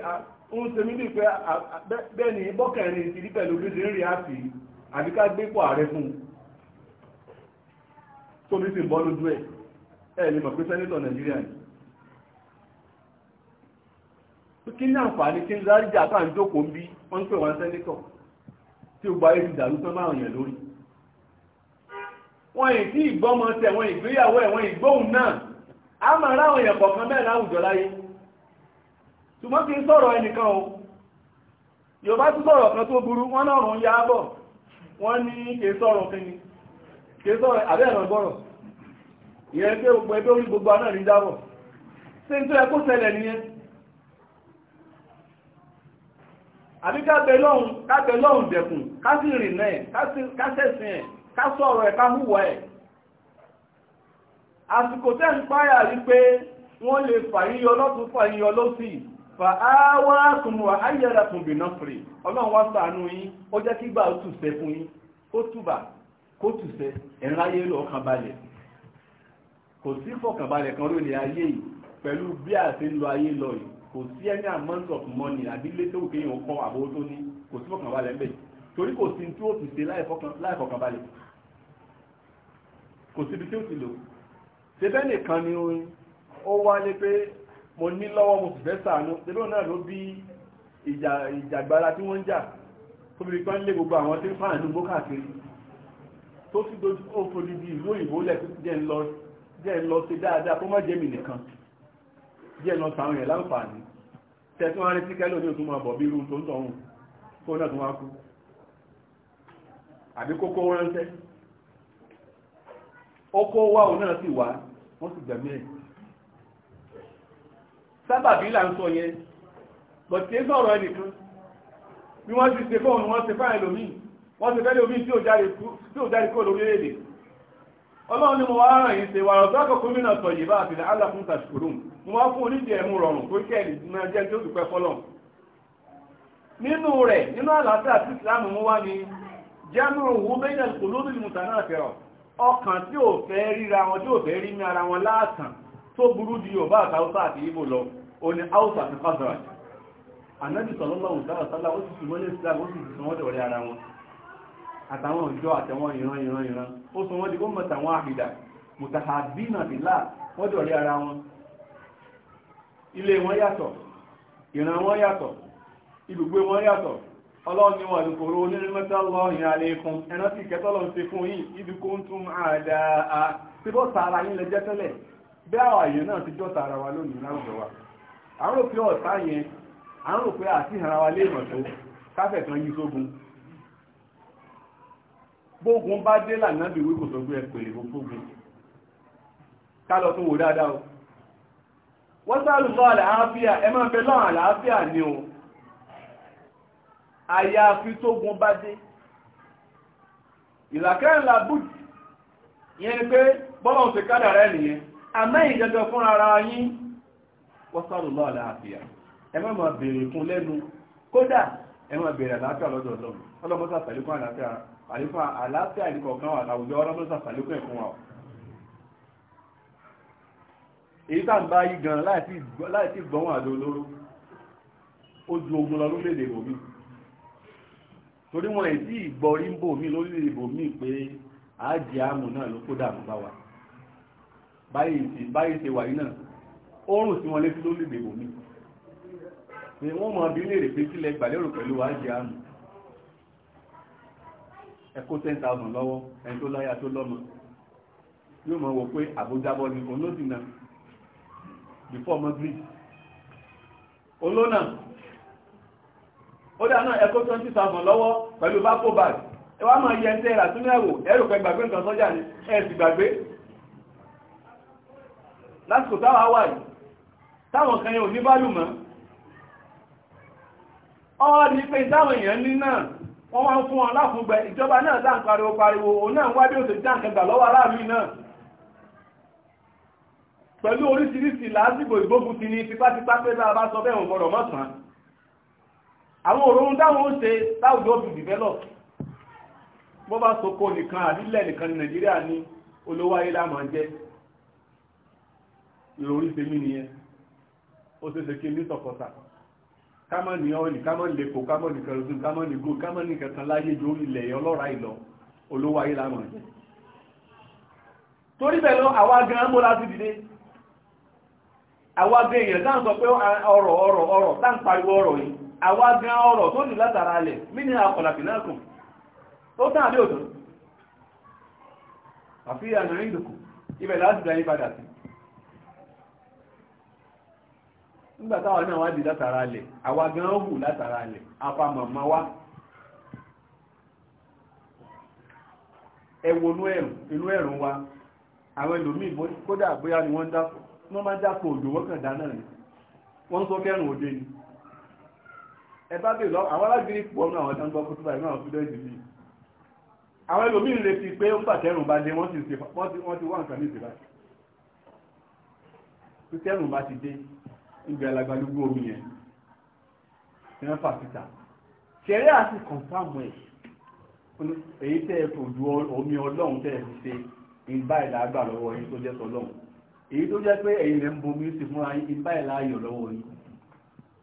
ń ṣe mí pé bẹ́ẹ̀ ni bọ́kẹ̀rin ti rí pẹ̀lú bí ṣe ń rí àfi àbí ká gbé pọ̀ ààrẹ fún un tóbi sì ń bọ́ lójú ẹ̀ ẹ̀ lè mọ̀ pé sẹ́nítọ̀ nàìjíríà ni kí ní àǹfààní kí ń ráríjà tá à ń jókòó ń bí wọ́n ń pè wọ́n sẹ́nítọ̀ tí ó gba ayé ti dàrú tán báwọn èèyàn lórí wọn yìí tí ìgbọ́mọ tẹ wọn ìgbéyàwó ẹ̀ wọn ìgbóhùn náà a máa ráwọn èèyàn kọ̀ọ̀kan bẹ́ẹ̀ láwùjọ láyé ṣùgbọ́n kí n sọ̀rọ̀ ẹnìkan o Yorùbá tún sọ̀rọ̀ kan tó burú wọn náà rùn ya bọ̀ wọ́n ní kèsọ̀rọ̀ kí ni kèsọ̀rọ̀ àbẹ́ ẹ̀rọ gbọ́rọ̀ ìyẹn pé gbogbo ẹgbẹ́ orí gbogbo anáà ní dábọ̀ ṣé n tó yẹ kó ṣẹlẹ̀ nìyẹn àbí kábẹ̀ lọ́hùn dẹ̀kùn ká sì rìn náà ká sẹ̀sìn ẹ̀ ká sọ̀rọ̀ ẹ̀ ká hùwà ẹ̀ àsìkò tẹ́ ń páyà rí pé wọ́n lè fàyíyọ lọ́tún fàyíyọ lọ́sì fàáwá kùnmù àyẹ́ra kùnbì náà fèrè ọlọ́run wá ṣàánú yín ó jẹ́ kí gbà ó tùsẹ̀ fún yín kó túbà kó tùsẹ̀ ẹ̀ráyé lọ́ọ̀kan balẹ̀ kò sí fọ̀kànbalẹ̀ kan lónìí ayé kò sí any amount of money àbí létòwò kéèyàn kọ́ àbówó tó ní kò sí fọkànbalẹ̀ ń bẹ̀ torí kò sí tí ó fi ṣe láìfọkànbalẹ̀ kò síbi tí ó ti lò ṣebẹ́ nìkan ni ó wálé pé mo ní lọ́wọ́ mo sì fẹ́ ṣàánú ṣebẹ́ náà ló bí ìjàgbára tí wọ́n ń jà tó bí pẹ́ lé gbogbo àwọn tí ń fàánú gbó káàkiri tó sì dojú ó fòdìdì ìlú òyìnbó lẹ̀ jẹ́ ń lọ ṣe dáadáa kó má jẹ́ mi nìkan díẹ̀ lọ sàwọn èèyàn láǹfààní tẹ̀sán wọn rí sí kẹ́lò ní òtún máa bọ̀ bí irú tó ń tọ̀hún kó náà tún wá kú àbí kókó ránṣẹ́ ó kó wá o náà sì wá wọ́n sì gbẹ̀mí ẹ̀ sábàbí là ń sọ yẹn bọ̀tí ń sọ̀rọ̀ ẹnìkan bí wọ́n ti ṣe fóònù wọ́n ṣe fáìlì omi wọ́n ṣe fẹ́lẹ̀ omi tí ò jáde kó lórílẹ̀-èdè ọlọ́run ni mo wá ràn yín ṣe wà lọ́sọ́ àkọ́kọ́ mi náà sọ yìí bá àti làálà fún tàṣkùrùm mo wá fún oníjẹ ẹ̀mú rọrùn tó jẹ́ ìdíná jẹ́ tó dùpẹ́ fọ́lọ̀ nínú rẹ̀ nínú àlàáfíà tí ìsìlámù mú wá ni jẹ́mùrù wú bẹ́ẹ̀dẹ̀ olóbìnrin mùtánà fẹ́ràn ọkàn tí ò fẹ́ ríra wọn tí ò fẹ́ rí ní ara wọn láàkàn tó burú di yorùbá àti haúsá àti ibo lọ ó ní haúsá àti kọ́sọ̀rọ̀ ànábì sallallahu alaihi wasallam ó sì sùmọ́lé islam ó sì sùmọ́lé ọ̀rẹ́ ara wọn àtàwọn ọjọ́ àtàwọn ìran ìran ìran ó sọ wọ́n di kó mọ̀ tàwọn àhìdà mùtàhàbínà bìlá wọ́n dọ̀rẹ́ ara wọn ilé wọn yàtọ̀ ìran wọn yàtọ̀ ibùgbé wọn yàtọ̀ ọlọ́run ni wọn ìdókòrò onírúmẹ́ta lọ́rin àlékún ẹ̀nà tí ìkẹtọ́ lọ ṣe fún yìí ń tún àdáa tí bọ́ yín lẹ jẹ́ tẹ́lẹ̀ bí àwọn àyè náà ti wa yẹn wa gbógun bá dé lànà bí wípò tó gbé ẹ̀pẹ̀ ìrò fógun kálọ tún wò dáadáa o wọ́n sáàlù sọ àlàáfíà ẹ máa fẹ́ lọ́rùn àlàáfíà ni o àyàfi tógun bá dé ìlàkẹ́rìnlá bùt ìyẹn ni pé bọ́lọ̀ ti kádà rẹ̀ nìyẹn àmẹ́yìn jẹjọ fún ara yín wọ́n sáàlù lọ́ àlàáfíà ẹ máa bèèrè fún lẹ́nu kódà ẹ̀wọ̀n bẹ̀rẹ̀ àlàáfíà lọ́dọ̀ ọlọ́run ọlọ́mọ́sà sàlékún àlàáfíà àlékún àlàáfíà ìkọ̀ọ̀kan wà láwùjọ ọlọ́mọ́sà sàlékún ẹ̀kún wa èyí tá ń bá yí gan láìsí gbọ́nwọ̀n àdó olóró ó ju ogun lọ lórílẹ̀-èdè bòmí torí wọn ì sí ìgbọ́rí ń bòmí lórílẹ̀-èdè bòmí pé àájì àmù náà ló kó dààmú bá wa báyìí ṣe wà yí náà ó rùn sí wọn létí lórílẹ̀-èdè bòmí ni wọ́n mọ̀ bí lè rè pé sílẹ̀ gbàlérò pẹ̀lú wájí àmì ẹkó 10,000 lọ́wọ́ ẹni tó láyà tó lọ́mọ yóò mọ̀ wò pé àbójábọ́ ni olóòdìnà before madrid olóòdìnà ó dáná ẹkó 20,000 lọ́wọ́ pẹ̀lú bákó bag ẹ wá mọ̀ yẹ ń tẹ́ra tún ẹ̀wò ẹ̀rù pẹ̀ gbàgbé nǹkan sọ́jà ni ẹ̀ sì gbàgbé lásìkò táwọn wà yìí táwọn kan yẹn ọ́ọ̀dì pé ìtàwọn èèyàn ní náà wọ́n wá ń fún wọn láfúngbẹ ìjọba náà dáǹ pariwo pariwo òun náà wá bí ó ti dáǹ kẹgbà lọ́wọ́ aráàlú náà pẹ̀lú oríṣiríṣi lásìkò ìgbógun ti ní tipátipá pé bá a bá sọ bẹ́ẹ̀ wọn gbọ́dọ̀ mọ́sàn-án àwọn òórùn táwọn ó ṣe táwùjọ fi develop bó bá soko nìkan àbílẹ̀ nìkan ní nàìjíríà ní olówó ayé láàmà jẹ́ ìròrí tèmi nìyẹn ó ṣe ṣe kí ní sọ̀kọ̀sà kámọ́ ní ọ́ìlì kámọ́ ní lẹ́kọ̀ọ́ kámọ́ ní kẹrìsìn kámọ́ ní góò kámọ́ ní kẹtàn láyé ju ilẹ̀ ọlọ́ra ìlọ olówó ayé lámọ̀ jẹ́ torí bẹ̀ lọ àwa gan mọ́ láti dìde àwa gan èèyàn dáhùn sọ pé ọ̀rọ̀ ọ̀rọ̀ ọ̀rọ̀ ń pariwo ọ̀rọ̀ yìí àwa gan ọ̀rọ̀ tó ní látara alẹ̀ mí ní akọ̀làfì náà kùn ó nígbà táwọn náà wá di látara lẹ̀ àwa gan hù látara lẹ̀ apamọ̀mọ́ wá ẹ̀rùn wa àwọn kódà ni wọ́n dápò wọ́n máa dápò òjò wọ́kàn dáná ni wọ́n sọ kẹrùn òde ni ẹ bá bèèrè àwọn alágbèrè pọ̀ náà àwọn táǹgbọ́ kó túbà mi àwọn ẹlòmíì ń retí pé ó ń bà kẹrùn bá dé wọ́n ti wá nǹkan níbi alagbalúgbó omi yẹn tí wọ́n fà síta ṣẹ̀rí àti kọ̀ǹfàmù èyí omi ọlọrun tẹ́ ẹ fi ṣe ìgbà ìlà àgbà lọ́wọ́ yín tó jẹ́ tọ́lọ́run èyí tó jẹ́ pé ẹ̀yin rẹ̀ ń bomi sí fúnra yín ìgbà ìlà ayọ̀ lọ́wọ́ yín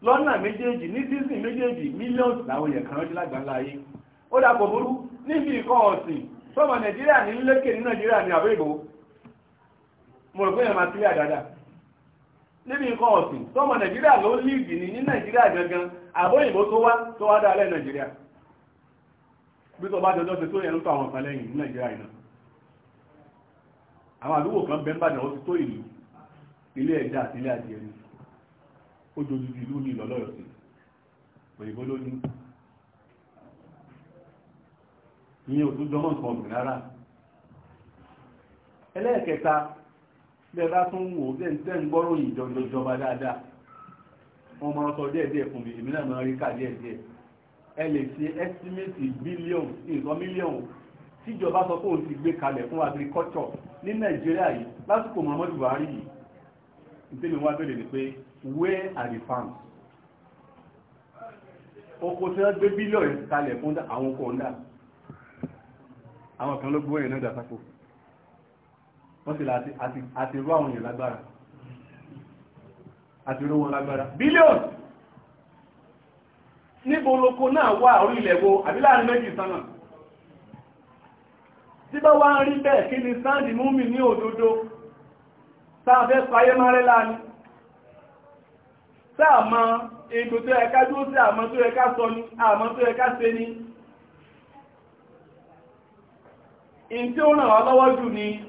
lọ́nà méjèèjì ní sísìn méjèèjì mílíọ̀nù làwọn èèyàn kan rántí lágbàńlá ó burú níbi nǹkan ọ̀sìn nàìjíríà ní níbi nǹkan ọ̀sìn tọ́mọ nàìjíríà ló lìdì ní ní nàìjíríà gangan àbóyìnbó tó wá tó wá dáalẹ́ nàìjíríà bí tó bá jọjọ́ ti tó yẹn ló tó àwọn kan lẹ́yìn ní nàìjíríà iná àwọn àdúgbò kan bẹ́ ń bàdàn ó ti tó ìlú ilé ẹja àti ilé adìẹ ni ó jojú ìlú ní ìlọ́lọ́yọ̀ sí òyìnbó ló ní ìyẹn ò tún jọmọ́ nǹkan ọ̀gbìn rárá ẹlẹ́ẹ̀kẹta bẹ́ẹ̀ bá tún wò bẹ́ẹ̀ tẹ́ ń gbọ́rọ̀ yìí jọjọba dáadáa wọ́n máa sọ díẹ̀ díẹ̀ fún mi èmi náà máa rí kà díẹ̀ díẹ̀ ẹ lè ṣe ẹ́stímẹ́tì bílíọ̀nù nǹkan mílíọ̀nù tíjọba sọ pé òun ti gbé kalẹ̀ fún agriculture ní nàìjíríà yìí lásìkò muhammadu buhari yìí nítorí wọn bẹ̀rẹ̀ ni pé where are the farms oko tí wọ́n gbé bílíọ̀nù kalẹ̀ fún àwọn kọ̀ọ̀dà àwọn kan ló gbé wọ́n yẹn náà dà wọ́n ti láti rú àwọn èèyàn lágbára àti rú wọn lágbára bílíọ̀nù níbo lóko náà wà orí ilẹ̀ wo àbí láàrin méjì sánà tí bá wá ń rí bẹ́ẹ̀ kí ni sáàdì múmi ní òdodo sáàfẹ́ fàyé márẹ́ láàrin sáàmà ètò tó ẹka dúró sí àmọ́ tó ẹka sọ ni àmọ́ tó ẹka ṣe ni in ó ràn wá lọ́wọ́ jù ni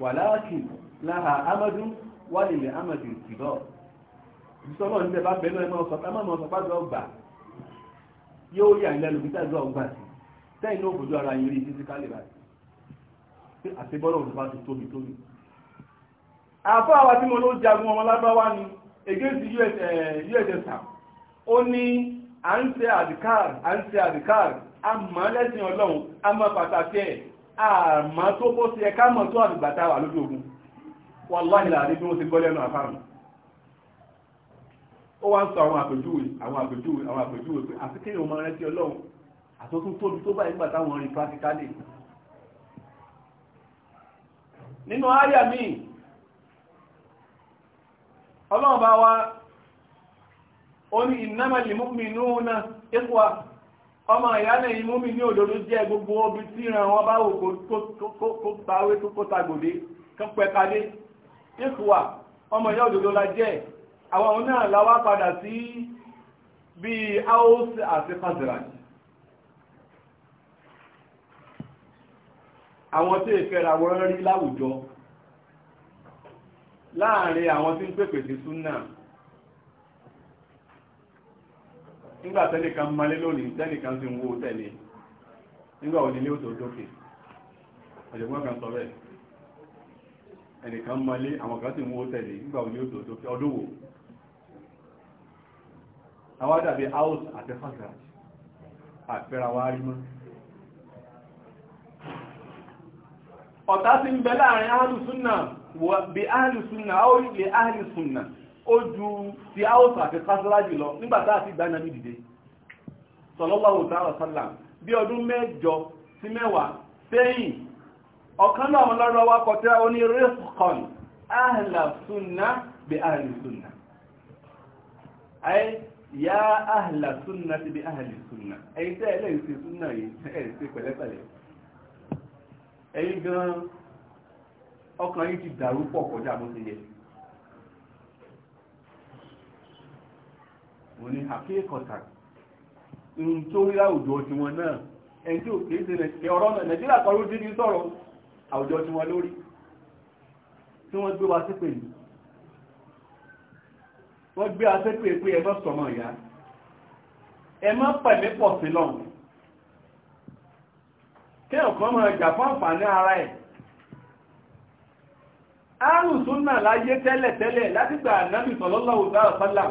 wàláàkì láha amadu wálìlẹ̀ amadu ìtìbọ̀ ìsọ́lọ́ ní ẹ̀bá bẹ̀rẹ̀ ẹmọ ọ̀sọ̀pájọ́ ọgbà yóò yà ilẹ̀ lùmítàjọ́ ọgbà sí tẹ́yìn náà fojú ara yìí rí títí kálẹ̀ báyìí pé àtibọ́lọ̀ òṣùpá ti tóbi tóbi àfọ́ àwa tí mo ló jagun ọmọ lábáwá ni against ussr eh, ó ní à ń ṣe àdìkáàrì à ń ṣe àdìkáàrì a mọ̀ lẹ́sìn ọlọ́run a mọ̀ pàtàkì ẹ̀ a tó bó si ẹ̀ká mọ̀ tó àdìgbà wà lójú ogun wàláhì bí wọ́n ti gbọ́ lẹ́nu àfáàrùn ó wá ń sọ àwọn àpèjúwe àwọn àpèjúwe àwọn àpèjúwe pé àti kéèyàn máa rántí ọlọ́run àtọ́tún tóbi tó báyìí rìn practically nínú àyà ọlọ́run bá wa ọmọ ìyálẹ̀ yìí múmi ní òdodo jẹ́ gbogbo obi tí ìran wọn bá wò kó tawé tó kó tagbòdé kó pẹ̀kadé ìfùwà ọmọ ìyá òdodo la jẹ́ àwọn òun náà la wá padà sí bí Aws àti Khazraj àwọn tí ìfẹ́ra wọn rí láwùjọ láàrin àwọn tí ń pèpè sí súnà nígbà tẹ́lẹ̀ kan malé lónìí tẹ́lẹ̀ kan sí wo tẹ̀lé nígbà òní ilé òtò dókè ọ̀jọ̀gbọ́n kan sọ bẹ́ẹ̀ ẹnìkan malé àwọn kan sì wo tẹ̀lé nígbà òní òtò dókè ọdún wo àwọn dàbí house àti fagra àpẹra wa rí mọ́ ọ̀tá sí ń bẹ láàrin áàlùsúnnà bí áàlùsúnnà áwọ́ ilẹ̀ áàlùsúnnà ó ju ti áwòsàn àti kásọ́lá jùlọ nígbàtá àti ìgbà nàbí dìde sọlọ́lọ́wọ́ tààrà sálà bí ọdún mẹ́jọ sí mẹ́wàá sẹ́yìn ọ̀kan náà lọ́rọ̀ wa kọtẹ́ oní rifkon ahla sunna bi ya ahla sunna ti be ahli sunna tẹ́ sunna ọkàn yìí ti dàrú pọ̀ kọjá wọ́n ní àkíyèkọ̀tà ohun tó rí àwùjọ tiwọn náà ẹni tí ò kìí ṣe ọ̀rọ̀ náà nàìjíríà kan ló dín ní sọ̀rọ̀ àwùjọ tiwọn lórí tí wọ́n gbé wa sípè ní wọ́n gbé wa sípè pé ẹ má sọmọ ìyá ẹ má pẹ̀lẹ́ pọ̀ sí lọ́wọ́ kí ọ̀kan máa jà fún àǹfààní ara ẹ̀ àrùn súnà láyé tẹ́lẹ̀tẹ́lẹ̀ látìgbà ànábì sallallahu alaihi wasallam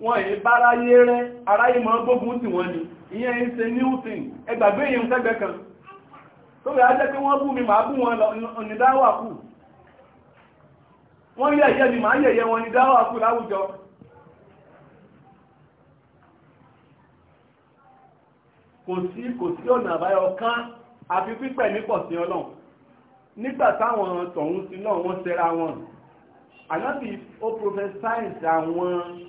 wọn èyí bá ráyé rẹ́ aráyé mọ́ gbógun tí wọ́n ni ìyẹn ń ṣe new thing ẹgbàgbé yìí ń tẹ́gbẹ́ kan tó bẹ̀rẹ̀ jẹ́ pé wọ́n bú mi màá bú wọn ní dáwà kù wọ́n yẹ̀yẹ́ mi màá yẹ̀yẹ́ wọn ní dáwà kù láwùjọ kò sí kò sí ọ̀nà àbáyọ kán àfi pípẹ̀ nípọ̀ sí ọlọ́run nígbà táwọn tọ̀hún sí náà wọ́n ṣẹra wọn àná bí ó prophesize àwọn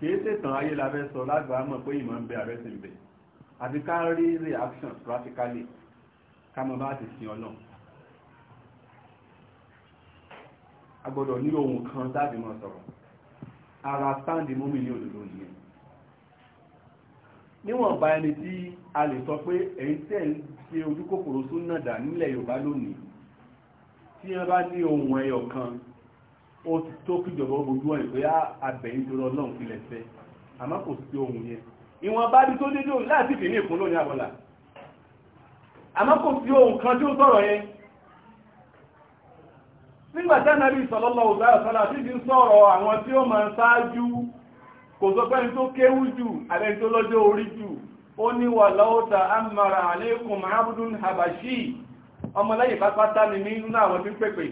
kìí ṣètàn ayé la fẹ́ sọ lágbàá mọ̀ pé ìmọ̀ ń bẹ ààrẹ sì ń bẹ àti ká rí reaction practically ká mọ bá ti sin ọlọ́run a gbọ́dọ̀ ní ohun kan táàbí mọ̀ sọ̀rọ̀ ara sáǹdì mú mi ní òdòdó nìyẹn níwọ̀nba ẹni tí a lè sọ pé ẹ̀yin tẹ́ ń ṣe ojú kòkòrò súnnà dà nílẹ̀ Yorùbá lónìí tí wọ́n bá ní ohun ẹyọ kan ó ti tó kíjọba ojú ọ̀yìn yá abẹ̀yìn tó lọ́lọ́run fi lẹ́sẹ̀ àmọ́ kò sí ohun yẹn ìwọ̀n bá bí tó dédé òun láti fi ní ìkún lónìí àbọ̀là sí ohun kan tí ó sọ̀rọ̀ yẹn nígbà tí tí ti sọ̀rọ̀ àwọn tí ó máa ń kò sọ pé tó kéwú amara aleikum habashi ọmọlẹ́yìn pátápátá ni mí nínú àwọn tí ń pèpè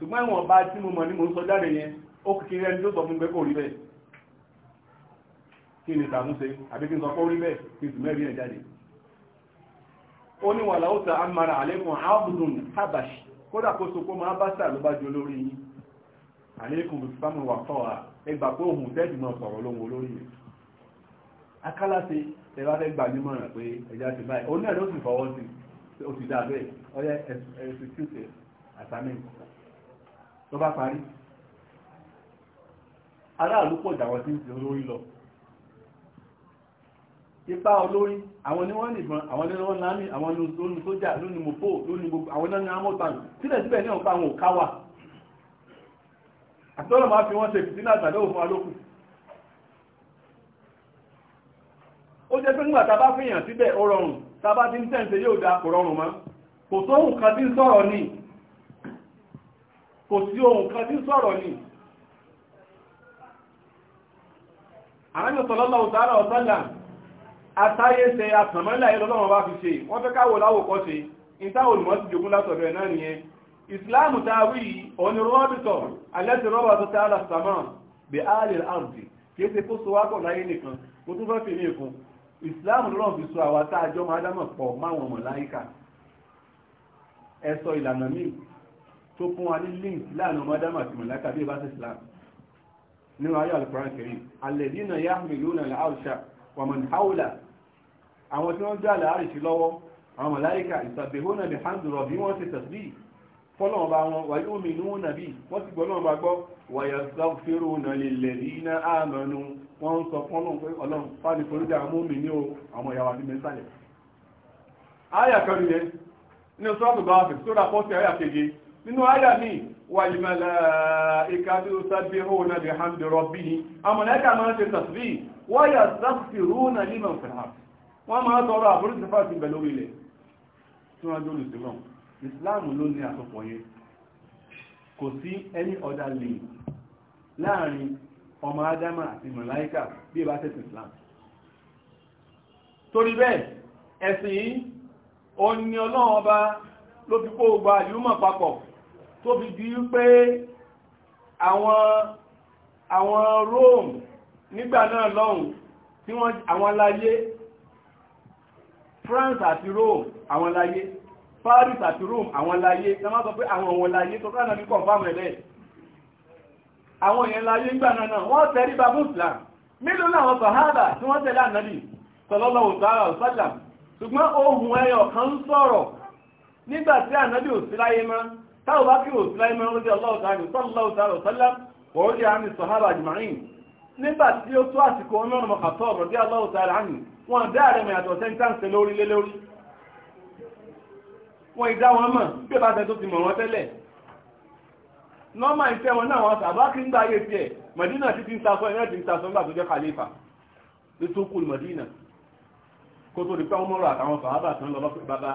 ṣùgbọ́n ìwọ̀n bá tí mo mọ̀ ní mo ń sọ jáde yẹn ó kìí rẹni tó sọ fún pé kò rí bẹ́ẹ̀ kí ni ìtàmúṣe àbí kí n sọ pé rí bẹ́ẹ̀ kí n sì mẹ́rin ẹ̀ jáde ó ní wàlá ó amara àlékún abdun habash kódà kó so kó máa bá sà ló bá ju olórí yín àlékún bí fámi wà fọ́ wa ẹ gbà pé òun tẹ́ẹ̀dì máa sọ̀rọ̀ lóhun olórí yẹn akálàṣe ẹ bá fẹ́ gbà ní mọ̀ràn pé ẹja ti báyìí òun náà ló sì fọwọ́ sí ó sì dáa bẹ́ẹ̀ ọyẹ ẹsìkúùtì àtàmì ló bá parí aráàlú pọ̀ jàwọn tí ń ti olórí lọ ipá olórí àwọn ni wọ́n nìbọn àwọn ni wọ́n lámì àwọn lónìí sójà lónìí mọ̀pó lónìí gbogbo àwọn náà ní amọ́tàn síbẹ̀síbẹ̀ ní ọ̀pá àwọn òkáwà àtọ́lọ̀ máa fi wọ́n ṣe fìtí náà tàbí òfin alókù ó jẹ́ pé nígbà tàbá fìyàn síbẹ̀ ó rọrùn tàbá ti ń tẹ̀sẹ̀ yóò dá kò rọrùn mọ́ kò sóhùn kan tí ń sọ̀rọ̀ ni kò sí ohun kan tí sọ̀rọ̀ ni àrẹ́bì sallallahu ta'ala wa sallam àtàyé ṣe àtàmọ́lá ìlọ́lọ́wọ́ bá fi ṣe wọ́n fẹ́ káwò láwòkọ́ ṣe ìtàwò lùmọ́ sí jogún látọ̀dọ̀ ẹ̀ náà nìyẹn ìsìláàmù tàwí onírọ́bìtọ̀ alẹ́sì rọ́bà tó tààlà sàmà bí áàlì àrùdì kìí ṣe kó sọwákọ̀ láyé nìkan mo tún fẹ́ fi ní ìfún ìsìláàmù lọ́rùn fi sọ àwa tá àjọ máa dámọ̀ pọ̀ máwọn mọ̀láyíkà ẹ̀sọ ìlànà míì tó fún wa ní link láàrin ọmọdé àti mọ̀láka bí ìbá sí islam nínú ayé alukuran kiri alẹ́dínà yahmiluna al-arsha wa man hawla àwọn tí wọ́n gbé àlàárìsí lọ́wọ́ àwọn mọ̀láíkà ìsàbẹ̀hónà bí hàn dùrọ̀ bí wọ́n ti tẹ̀sí fọ́lọ́wọ́n bá wọn wà yóò mìíràn nàbí wọ́n ti gbọ́ náà bá gbọ́ wàyà sáfẹ́rò náà o àwọn bá fi sódà pọ́sì àyà nínú àyà mi wàlìmọ̀lá ìkàtí ó sábẹ́ òun náà lè hàmdì rọ̀bí ni àmọ̀lẹ́kà máa ń ṣe tàṣírí wáyà sáfì rúnà límọ̀ fìhà wọ́n máa sọ̀rọ̀ àforíṣẹ́ fàṣì bẹ̀ lórí ilẹ̀ tí wọ́n jọ́ lùsílọ̀ ìsìláàmù ló ní àsopọ̀ yẹn kò sí any other link láàrin ọmọ adama àti mọ̀láíkà bí i bá tẹ̀sìn islam torí bẹ́ẹ̀ ẹ̀sìn yìí òun ni ọlọ́run ọba ló fi kó gba ìlú mọ̀ papọ̀ tó fi di wípé àwọn àwọn Rome nígbà náà lọ́hùn tí wọ́n àwọn láyé France àti Rome àwọn láyé Paris àti Rome àwọn láyé tí wọ́n sọ pé àwọn òun láyé tó kánà bí kọ̀ǹfàmù ẹ̀ bẹ́ẹ̀ àwọn èèyàn láyé ń gbà náà wọ́n tẹ̀rí bá muslim mílò láwọn sàhábà tí wọ́n tẹ̀lé ànábì sallallahu ta'ala wa sallam ṣùgbọ́n ohun ẹyọ kan sọ̀rọ̀ nígbàtí ànábì ò sí láyé mọ́ táwọn bá kírò síláìmọ́ lórí ọlọ́ọ̀tàrí sọ́lọ́ọ̀tàrí ọ̀sọ́lám wọ́n rí àmì sọ̀hábà jùmọ̀rin nígbà tí ó tó àsìkò ọlọ́run mọ̀kàtọ́ ọ̀rọ̀dé ọlọ́ọ̀tàrí àmì wọn dá rẹ̀ mẹ́yàtọ̀ sẹ́ńtàǹsẹ̀ lórí lé lórí wọn ìdá wọn mọ̀ bí bá tẹ́ tó ti mọ̀ wọn tẹ́lẹ̀ nọ́mà ìfẹ́ wọn náà wọn sàbá kí ń gba ayé tiẹ̀ mẹ̀dínà ti ti ń sasọ ẹ̀rẹ́ ti ń sasọ nígbà tó jẹ́ kàlífà ní tó kù mẹ̀dínà kó tó di pé wọn mọ̀rọ̀ àtàwọn sàhábà tán lọ bá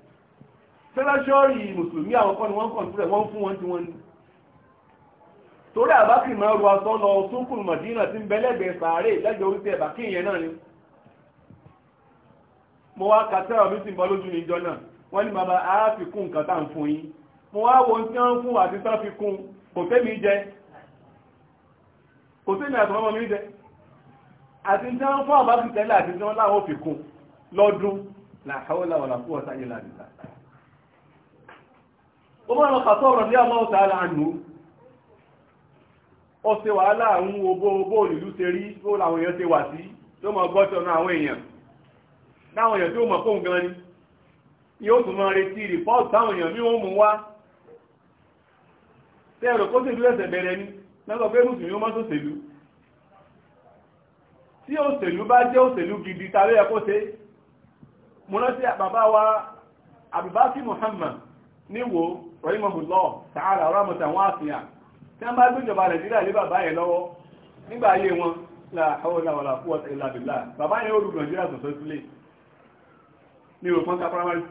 tẹ́lẹ́ṣọ́ọ̀rì mùsùlùmí àwọn kọ́ ni wọ́n kàn túrẹ̀ wọ́n fún wọn tí wọ́n ní torí àbákì máa ru aṣọ lọ sókùn mọ̀dínà tí ń bẹ lẹ́gbẹ̀ẹ́ sàárè lẹ́gbẹ̀ẹ́ orí tẹ̀ bàkì yẹn náà ni mo wá ka tẹ́rọ mi sì ń bọ́ lójú níjọ náà wọ́n ní bàbá a fi kún nǹkan tá à ń fún yín mo wá wo tí wọ́n fún àti tán fi kún kò jẹ kò tẹ́mi àtọmọ́mọ́ mi jẹ àti tí wọ́n fún àbákì tẹ́lẹ̀ àti tí wọ́n láwọn fi lọ́dún làhàwọ́lá wàlàkúwọ́sá yìí làdìlà Umar al-Khattab radiyallahu ta'ala anhu ó ṣe wàhálà àwọn obó obó òlìlú ṣe rí tó làwọn èèyàn ṣe wà sí tó mọ̀ gbọ́tọ̀ ọ̀nà àwọn èèyàn láwọn èèyàn tí ó mọ̀ fóun gan ni yóò tún mọ̀ retí rìpọ́ọ̀tù táwọn èèyàn ní wọ́n mú wá tẹ́ẹ̀rọ kó ni lọ́gbọ̀ rahimahullah ta'ala rahmatan wasi'a tí wọ́n bá gbéjọba nàìjíríà lé bàbá yẹn lọ́wọ́ nígbà ayé wọn la hawla wala quwwata illa billah bàbá yẹn ó rú nàìjíríà sọ̀tọ̀ sílé ní òpónta primary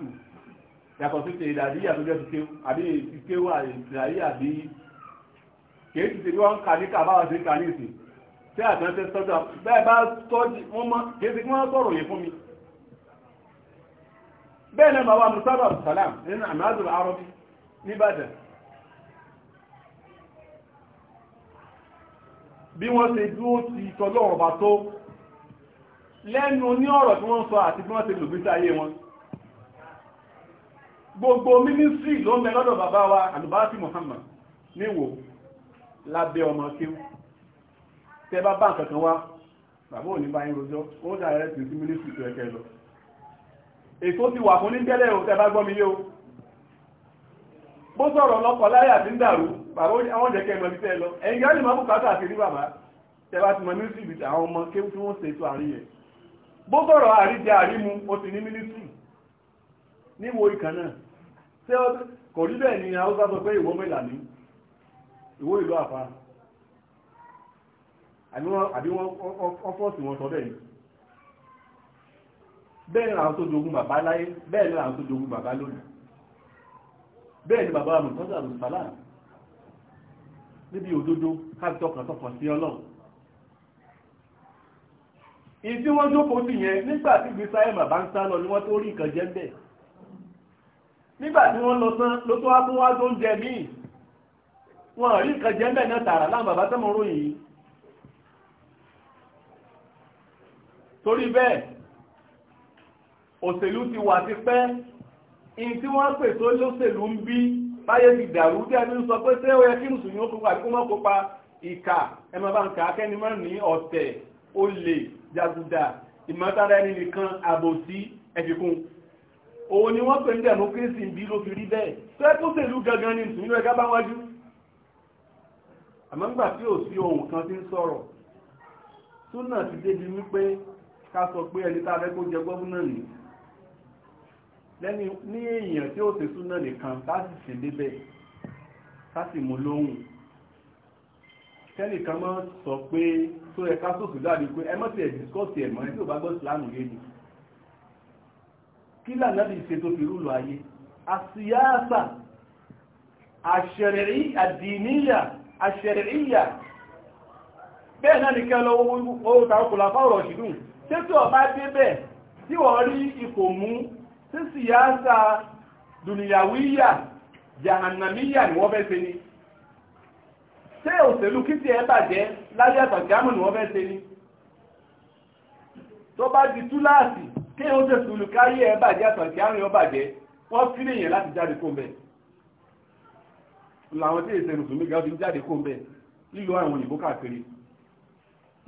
nìbàdàn bí wọ́n ṣe dúró ti tọ́lọ́wọ̀n bá tó lẹ́nu ní ọ̀rọ̀ tí wọ́n sọ àti bí wọ́n ṣe lògbésí ayé wọn gbogbo mínísírì ló ń bẹ lọ́dọ̀ bàbá wa àlùbáàtì Muhammad níwò lábẹ́ ọmọ kíw tẹ bá bá nǹkan kan wá bàbá òní bá yín rojọ́ ó dà rẹ̀ sí mínísírì tó ẹ̀kẹ́ lọ bó sọ̀rọ̀ lọ́kọ̀ láyà tí ń dàrú bàbá àwọn jẹ́kẹ́ ìmọ̀ títẹ́ lọ ẹ̀yìn gáàlì máa bùkátà àti rí bàbá tẹ́bá ti mọ̀ mínísírì bìtì àwọn ọmọ kéwú tí wọ́n ṣètò àárín yẹn bó sọ̀rọ̀ àríjẹ àrímu o sì ní mínísírì níwo ìkàn náà ṣé kò rí bẹ́ẹ̀ ni haúsá sọ pé ìwọ mẹ́là ní ìwọ ìlú àfa àbí wọ́n fọ́ọ̀sì wọn sọ bẹ́ẹ̀ ni bẹ́ẹ̀ ni àwọn tó dogun bàbá láyé bẹ́ẹ̀ ni àwọn tó dogun bàbá lónìí bẹ́ẹ̀ ni bàbá àmì tọ́jú àmì sàlá níbi òdodo káàkiri ọkàn tọkàn sí ọlọ́run ìyí tí wọ́n jókòó sí yẹn nígbà tí gbèsè ayé bàbá ń sá lọ ni wọ́n tó rí nǹkan jẹ ń bẹ̀ nígbà tí wọ́n lọ tán ló tó wá fún wá tó ń jẹ míì wọn rí nǹkan jẹ ń bẹ̀ náà tààrà láwọn bàbá tẹ́mọ̀ ròyìn yìí torí bẹ́ẹ̀ òṣèlú ti wà ti pẹ́ in tí wọ́n pè tó lóṣèlú ń bí báyé ti dàrú bí ẹni sọ pé ṣé ó yẹ kí mùsùlùmí ó kópa àbí kó mọ́ kópa ìkà ẹ máa bá ń kà á kẹ́ni mọ́ ní ọ̀tẹ̀ olè jàgùdà ìmọ̀tara ẹni nìkan àbòsí ẹ̀fikún òun ni wọ́n pè ní democracy bí ló fi rí bẹ́ẹ̀ tó tó ṣèlú gangan ni mùsùlùmí ẹ̀ká bá wájú àmọ́ nígbà tí ò sí ohun kan tí ń sọ̀rọ̀ tó náà ti débi wípé ká sọ pé ẹni tá a fẹ́ kó jẹ gọ́fúnà lẹ́ni ní èèyàn tí ó ṣe súnà nìkan láti sì débẹ̀ láti mú lóhùn kẹ́nìkan mọ́ sọ pé tó ẹ̀ká sòsù láàrin pé ẹ mọ́tì ẹ̀ discourse ẹ̀ mọ́ ẹ tí ò bá gbọ́ ìsìlámù yé ni kí lànà lè ṣe tó fi rúlù ayé àṣìyáàṣà àṣẹ̀rẹ̀rí àdìníyà àṣẹ̀rẹ̀ríyà bẹ́ẹ̀ náà ní kẹ́lọ owó tàbí kòlàfà ọ̀rọ̀ ṣìdún tí tí ọba débẹ̀ tí wọ́n rí ipò mú sí sìyáàsà dùnìyàwíyà jahannamiya ni wọ́n fẹ́ ṣe ni ṣé òṣèlú kí tí ẹ bàjẹ́ láyé àtàkìámù ni wọ́n fẹ́ ṣe ni tó bá di túláàsì kí ó jẹ́ sùúrù káyé ẹ bàjẹ́ àtàkìámù yọ bàjẹ́ wọ́n fi lè yẹn láti jáde kó bẹ́ẹ̀ làwọn tí ìṣẹ̀lù sùn mẹ́gà fi ń jáde kó bẹ́ẹ̀ lílo àwọn òyìnbó káàkiri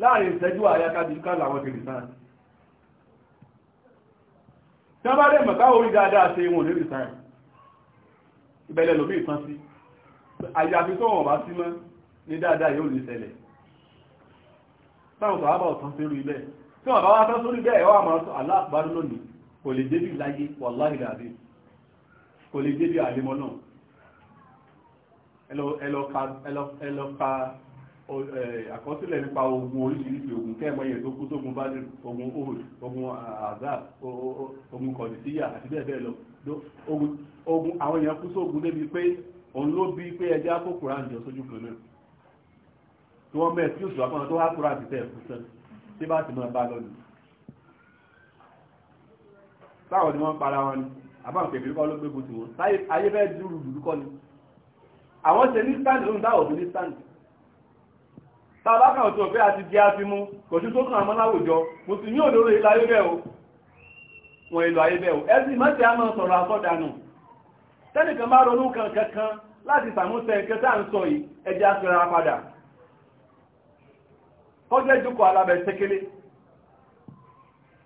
láàrin ìṣẹ́jú àyàkájú ká làwọn ti rìsáàtì tí wọ́n bá dẹ̀ mọ̀ káwọn orí dáadáa ṣe wọn lè rìsáì ìbẹ̀lẹ̀ lómi ìtàn sí àyàfi tó wọ̀n bá sí mọ́ ní dáadáa yóò lè ṣẹlẹ̀ táwọn sọ̀rọ̀ bá ọ̀tán sí orí ilẹ̀ tí wọ́n bá wá tán sórí bẹ́ẹ̀ wà máa sọ aláàbárú lónìí kò lè débi láyé wàláhì láàbí kò lè débi àlemọ́ náà ẹlọ́ka àkọsílẹ̀ nípa ogun oríṣiríṣi ogun kẹ́ẹ̀mọ́ yẹn tó kú sógun bá ogun ohud ogun azab ogun kọ̀dísíyà àti bẹ́ẹ̀ bẹ́ẹ̀ lọ ogun àwọn èèyàn kú sógun débi pé òun ló bí pé ẹjẹ́ àkókòrò àjọ sójú kan náà tí wọ́n mẹ́ẹ̀ tí ó sùn àpọ̀nà tó wá kúrò àti tẹ̀ fún sẹ́ni tí bá ti máa bá lọ nìyí táwọn ni wọ́n para wọn ni àbáǹkẹ́ ìbí kọ́ ló gbégun tiwọn ayé fẹ́ dúró dúró kọ́ ni àwọn ṣe ní stand lóhun táwọn òbí ní stand tàbá kan tó pé àti jẹ́ àfimú kò sí tó àmọ́ láwùjọ mo sì ní òdòrò ayé o wọn ìlò ayé o ẹ̀sìn mọ́tì àmọ́ sọ̀rọ̀ tẹ́nìkan bá ronú kan kankan láti sàmúsẹ nǹkan ń sọ yìí ẹjẹ́ padà jókòó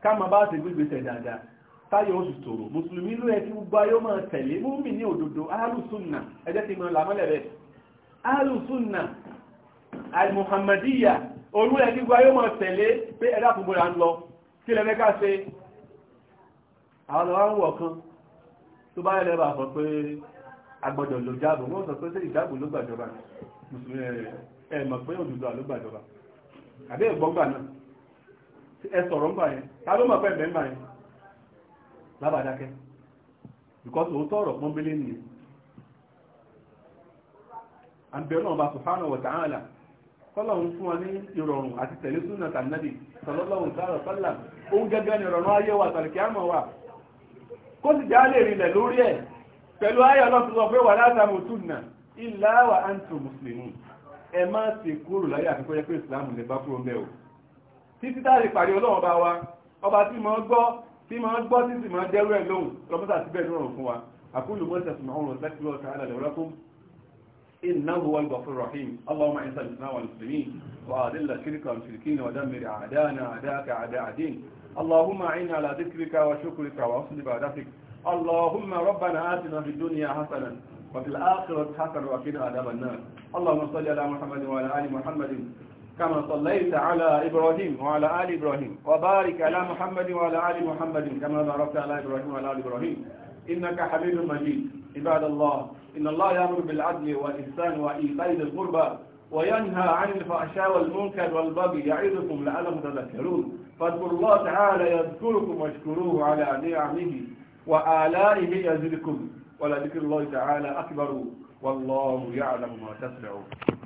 káàmà bá ti dáadáa oṣù tòrò mùsùlùmí ló ẹ ti ayé máa tẹ̀lé mú mi ní Al-Muhammadiya, alimuhammadiya olú ẹ̀ nígbà yóò mọ̀ tẹ̀lé pé ẹ̀dá fún bóra ń lọ kí lẹ́fẹ́ ká ṣe àwọn ọ̀rọ̀ wọ̀ kan tó bá yẹlẹ́ bá sọ pé agbọ́dọ̀ ló jáàbò wọ́n sọ pé sí ìjáàbò ló gbàjọba mùsùlùmí ẹ̀ mọ̀ pé òdùdó ló gbàjọba àbí ẹ̀gbọ́ngbà náà ẹ sọ̀rọ̀ ńgbà yẹn ta ló mọ̀ pé ẹ̀mẹ́ ńgbà yẹn lábàdákẹ́ because òótọ́ ọ̀rọ̀ pọ́nbélé nìyẹn àbẹ̀rún ọba subhanahu wa ta'ala tọ́lọ̀run fún wọn ní ìrọ̀rùn àti tẹ̀lé súnà tànàbì tọ́lọ́lọ́run sáàrọ̀ sọ́là òun gẹ́gẹ́ ni ìrọ̀rùn ayé wa tàbí àmọ̀ wa kó sì já lè rinlẹ̀ lórí ẹ̀ pẹ̀lú ayé ọlọ́sọ̀sọ pé wà látàmù túnà ilá wa àǹtò mùsùlùmí ẹ má sì kúrò láyé àfikọ́ yẹ pé ìsìlámù lè bá kúrò mẹ́ o títí táàrí pàdé ọlọ́run bá wa إنه هو الغفور الرحيم اللهم أعز الإسلام والمسلمين وأذل الشرك والمشركين ودمر أعداءنا أعداءك أعداء دين اللهم أعنا على ذكرك وشكرك وحسن عبادتك اللهم ربنا آتنا في الدنيا حسنة وفي الآخرة حسنة وقنا عذاب النار اللهم صل على محمد وعلى آل محمد كما صليت على إبراهيم وعلى آل إبراهيم وبارك على محمد وعلى آل محمد كما باركت على إبراهيم وعلى آل إبراهيم إنك حميد مجيد عباد الله إن الله يأمر بالعدل والإحسان وإيتاء ذي القربى وينهى عن الفحشاء والمنكر والبغي يعظكم لعلكم تذكرون فاذكروا الله تعالى يذكركم واشكروه على نعمه وآلائه يزدكم ولذكر الله تعالى أكبر والله يعلم ما تصنعون